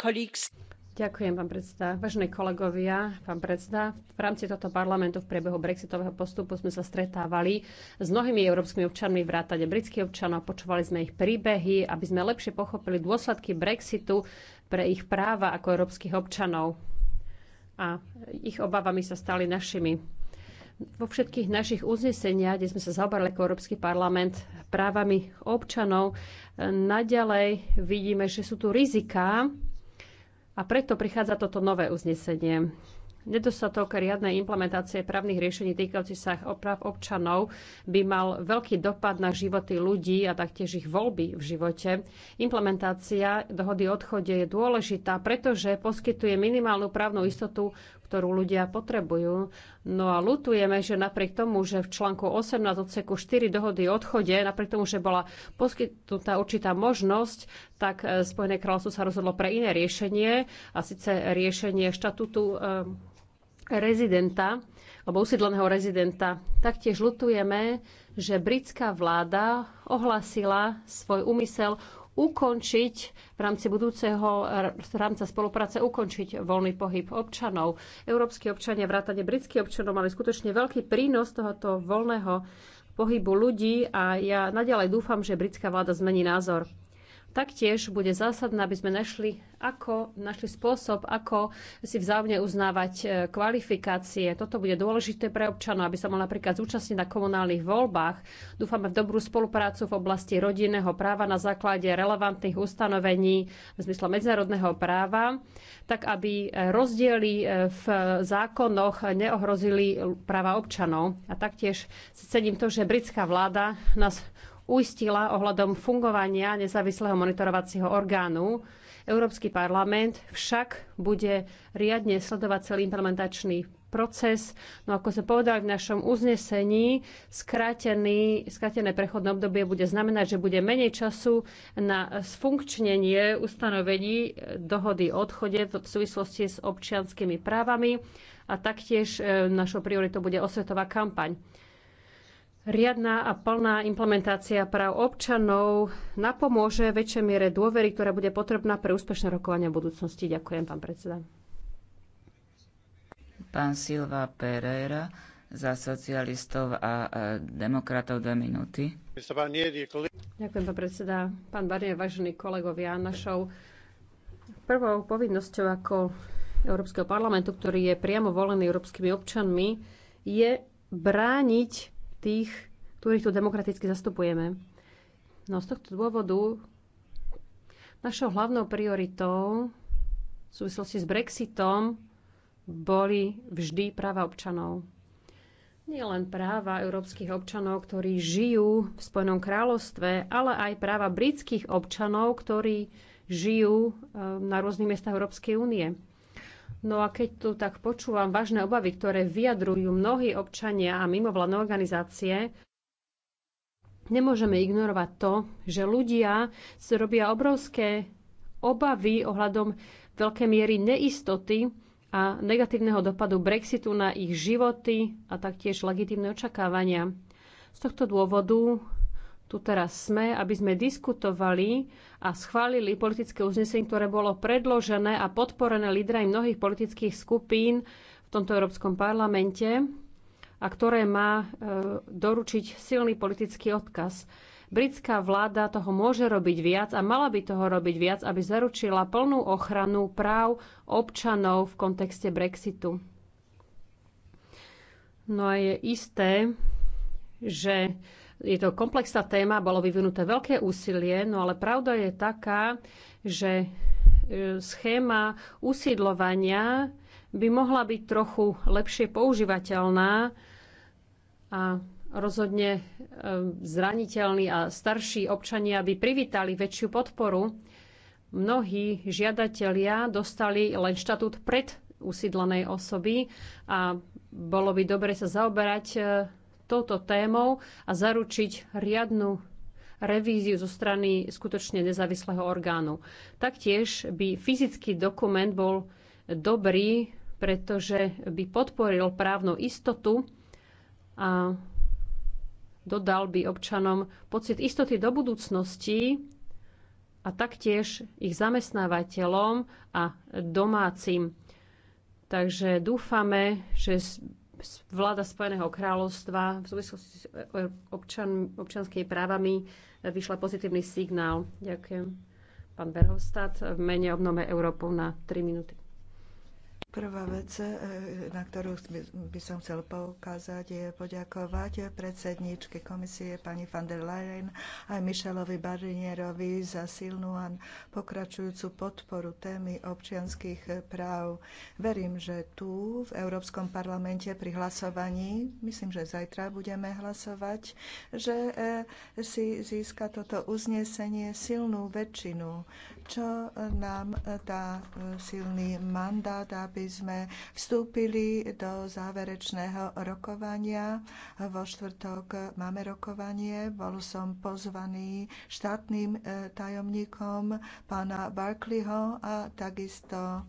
Ďakujem, pán predseda. Vážení kolegovia, pán predseda, v rámci tohto parlamentu v priebehu brexitového postupu sme sa stretávali s mnohými európskymi občanmi vrátane britských občanov, počúvali sme ich príbehy, aby sme lepšie pochopili dôsledky brexitu pre ich práva ako európskych občanov. A ich obavami sa stali našimi vo všetkých našich uzneseniach, kde sme sa zaoberali ako Európsky parlament právami občanov, e, naďalej vidíme, že sú tu riziká a preto prichádza toto nové uznesenie. Nedostatok riadnej implementácie právnych riešení týkajúcich sa práv občanov by mal veľký dopad na životy ľudí a taktiež ich voľby v živote. Implementácia dohody o odchode je dôležitá, pretože poskytuje minimálnu právnu istotu ktorú ľudia potrebujú. No a lutujeme, že napriek tomu, že v článku 18 odseku 4 dohody o odchode, napriek tomu, že bola poskytnutá určitá možnosť, tak eh, Spojené kráľovstvo sa rozhodlo pre iné riešenie, a síce riešenie štatútu eh, rezidenta alebo usídleného rezidenta. Taktiež lutujeme, že britská vláda ohlasila svoj úmysel ukončiť v rámci budúceho rámca spolupráce ukončiť voľný pohyb občanov. Európsky občania, vrátane britských občanov mali skutočne veľký prínos tohoto voľného pohybu ľudí a ja naďalej dúfam, že britská vláda zmení názor. Taktiež bude zásadné, aby sme našli, ako, našli spôsob, ako si vzájomne uznávať e, kvalifikácie. Toto bude dôležité pre občanov, aby sa mohol napríklad zúčastniť na komunálnych voľbách. Dúfame v dobrú spoluprácu v oblasti rodinného práva na základe relevantných ustanovení v zmysle medzinárodného práva, tak aby e, rozdiely e, v zákonoch neohrozili práva občanov. A taktiež cením to, že britská vláda nás uistila ohľadom fungovania nezávislého monitorovacieho orgánu. Európsky parlament však bude riadne sledovať celý implementačný proces. No ako sme povedali v našom uznesení, skrátený, skrátené prechodné obdobie bude znamenať, že bude menej času na sfunkčnenie ustanovení dohody o odchode v súvislosti s občianskými právami a taktiež e, našou prioritou bude osvetová kampaň. Riadna a plná implementácia práv občanov napomôže väčšej miere dôvery, ktorá bude potrebná pre úspešné rokovania v budúcnosti. Ďakujem, pán predseda. Pán Silva Pereira za socialistov a demokratov dve minúty. Ďakujem, pán predseda. Pán Barnier, vážení kolegovia, našou prvou povinnosťou ako Európskeho parlamentu, ktorý je priamo volený európskymi občanmi, je brániť tých, ktorých tu demokraticky zastupujeme. No z tohto dôvodu našou hlavnou prioritou v súvislosti s Brexitom boli vždy práva občanov. Nie len práva európskych občanov, ktorí žijú v Spojenom kráľovstve, ale aj práva britských občanov, ktorí žijú eh, na rôznych miestach Európskej únie. No a keď tu tak počúvam vážne obavy, ktoré vyjadrujú mnohí občania a mimovládne organizácie, nemôžeme ignorovať to, že ľudia si robia obrovské obavy ohľadom veľkej miery neistoty a negatívneho dopadu Brexitu na ich životy a taktiež legitímne očakávania. Z tohto dôvodu tu teraz sme, aby sme diskutovali a schválili politické uznesenie, ktoré bolo predložené a podporené lídrami mnohých politických skupín v tomto Európskom parlamente a ktoré má e, doručiť silný politický odkaz. Britská vláda toho môže robiť viac a mala by toho robiť viac, aby zaručila plnú ochranu práv občanov v kontexte Brexitu. No a je isté, že je to komplexná téma, bolo vyvinuté veľké úsilie, no ale pravda je taká, že e, schéma usídlovania by mohla byť trochu lepšie používateľná a rozhodne e, zraniteľní a starší občania by privítali väčšiu podporu. Mnohí žiadatelia dostali len štatút pred usídlenej osoby a bolo by dobre sa zaoberať e, touto témou a zaručiť riadnu revíziu zo strany skutočne nezávislého orgánu. Taktiež by fyzický dokument bol dobrý, pretože by podporil právnu istotu a dodal by občanom pocit istoty do budúcnosti a taktiež ich zamestnávateľom a domácim. Takže dúfame, že vláda Spojeného kráľovstva v súvislosti s e, občan, občanskými právami e, vyšla pozitívny signál. Ďakujem. Pán Verhofstadt v mene obnome Európu na 3 minúty. Prvá vec, e, na ktorú by som chcel poukázať, je poďakovať predsedničke komisie pani van der Leyen aj Michelovi Barnierovi za silnú a pokračujúcu podporu témy občianských práv. Verím, že tu v Európskom parlamente pri hlasovaní, myslím, že zajtra budeme hlasovať, že e, si získa toto uznesenie silnú väčšinu, čo nám dá e, silný mandát, aby aby sme vstúpili do záverečného rokovania. Vo štvrtok máme rokovanie. Bol som pozvaný štátnym eh, tajomníkom pána Barkleyho a takisto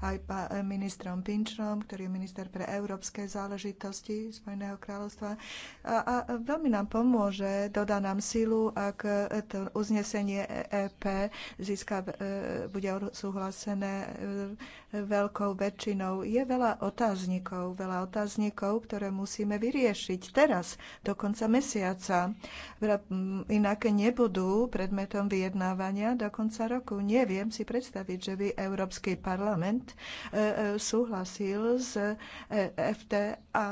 aj ministrom Pinčom, ktorý je minister pre európske záležitosti Spojeného kráľovstva. A, a veľmi nám pomôže, dodá nám silu, ak to uznesenie EP získa, e, bude súhlasené e, veľkou väčšinou. Je veľa otáznikov, veľa otáznikov, ktoré musíme vyriešiť teraz, do konca mesiaca. Inak nebudú predmetom vyjednávania do konca roku. Neviem si predstaviť, že by Európsky parlament parlament e, e, súhlasil s e, FTA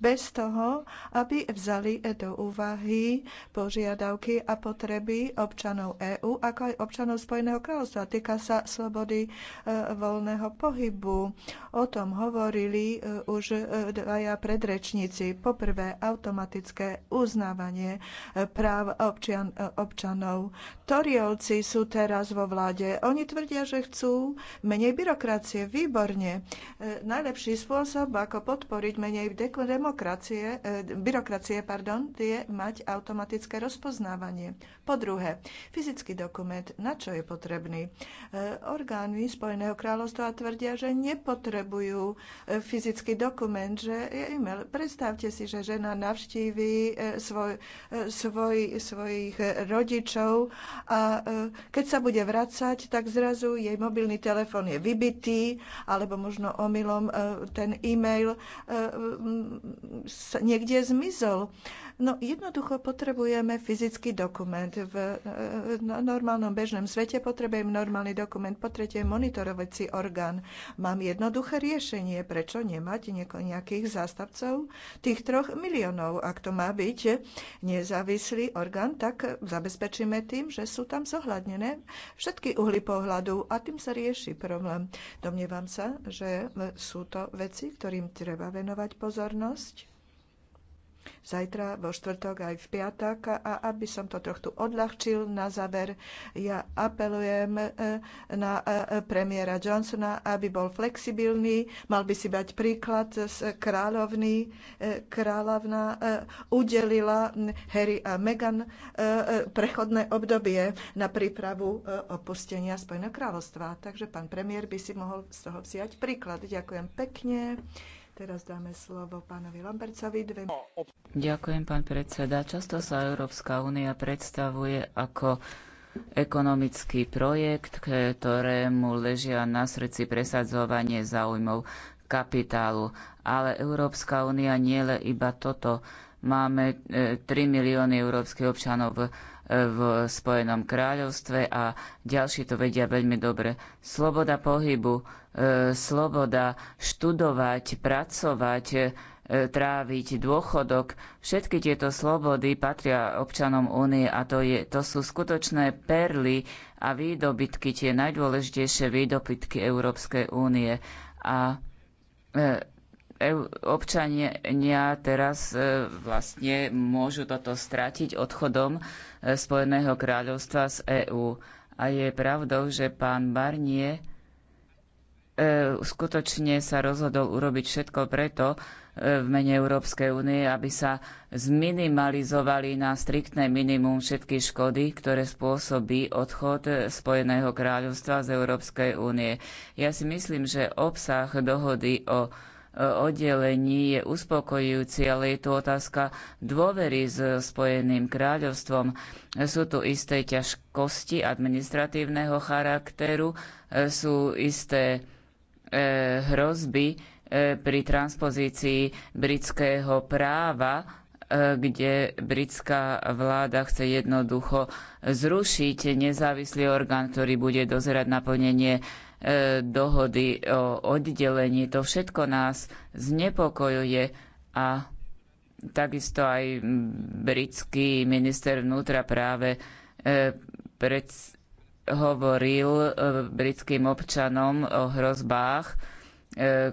bez toho, aby vzali do úvahy požiadavky a potreby občanov EÚ, ako aj občanov Spojeného kráľovstva. Týka sa slobody voľného pohybu. O tom hovorili už dvaja predrečníci. Poprvé, automatické uznávanie práv občian, občanov. Toriolci sú teraz vo vláde. Oni tvrdia, že chcú menej byrokracie byrokracie. Výborne. E, najlepší spôsob, ako podporiť menej demokracie, e, byrokracie, pardon, je mať automatické rozpoznávanie. Po druhé, fyzický dokument. Na čo je potrebný? E, orgány Spojeného kráľovstva tvrdia, že nepotrebujú fyzický dokument, že je e-mail. Predstavte si, že žena navštívi svoj, svoj, svojich rodičov a keď sa bude vracať, tak zrazu jej mobilný telefón je vybitý odbitý, alebo možno omylom e, ten e-mail e, niekde zmizol. No jednoducho potrebujeme fyzický dokument. V e, normálnom bežnom svete potrebujem normálny dokument, potrebujem monitorovací orgán. Mám jednoduché riešenie, prečo nemať nejakých zástavcov tých troch miliónov. Ak to má byť nezávislý orgán, tak zabezpečíme tým, že sú tam zohľadnené všetky uhly pohľadu a tým sa rieši problém. Domnievam sa, že sú to veci, ktorým treba venovať pozornosť zajtra, vo štvrtok aj v piatok A aby som to trochu odľahčil na záver, ja apelujem e, na e, premiéra Johnsona, aby bol flexibilný, mal by si bať príklad z kráľovny. E, kráľovna udelila Harry a Meghan prechodné obdobie na prípravu opustenia Spojeného kráľovstva. Takže pán premiér by si mohol z toho vziať príklad. Ďakujem pekne. Teraz dáme slovo pánovi Lambercovi. Dve... Ďakujem, pán predseda. Často sa Európska únia predstavuje ako ekonomický projekt, ktorému ležia na srdci presadzovanie záujmov kapitálu. Ale Európska únia nie je iba toto. Máme 3 e, milióny európskych občanov v v Spojenom kráľovstve a ďalší to vedia veľmi dobre. Sloboda pohybu, e, sloboda študovať, pracovať, e, tráviť dôchodok. Všetky tieto slobody patria občanom únie a to, je, to sú skutočné perly a výdobytky, tie najdôležitejšie výdobytky Európskej únie. A e, občania teraz e, vlastne môžu toto stratiť odchodom e, Spojeného kráľovstva z EÚ. A je pravdou, že pán Barnier e, skutočne sa rozhodol urobiť všetko preto v mene Európskej únie, aby sa zminimalizovali na striktné minimum všetky škody, ktoré spôsobí odchod Spojeného kráľovstva z Európskej únie. Ja si myslím, že obsah dohody o oddelení je uspokojujúci, ale je tu otázka dôvery s Spojeným kráľovstvom. Sú tu isté ťažkosti administratívneho charakteru, sú isté e, hrozby e, pri transpozícii britského práva e, kde britská vláda chce jednoducho zrušiť nezávislý orgán, ktorý bude dozerať naplnenie. E, dohody o oddelení. To všetko nás znepokojuje a takisto aj britský minister vnútra práve e, pred, hovoril e, britským občanom o hrozbách,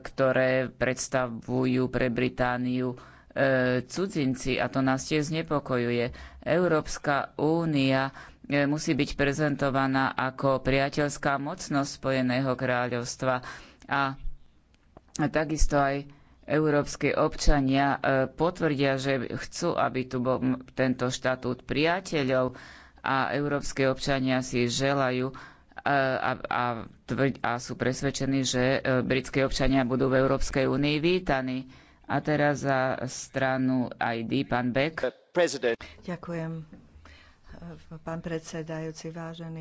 ktoré predstavujú pre Britániu E, cudzinci a to nás tiež znepokojuje. Európska únia e, musí byť prezentovaná ako priateľská mocnosť Spojeného kráľovstva a takisto aj európske občania e, potvrdia, že chcú, aby tu bol tento štatút priateľov a európske občania si želajú a, a, a sú presvedčení, že britské občania budú v Európskej únii vítaní a teraz za stranu ID pán Beck. Ďakujem. Pán predsedajúci, vážený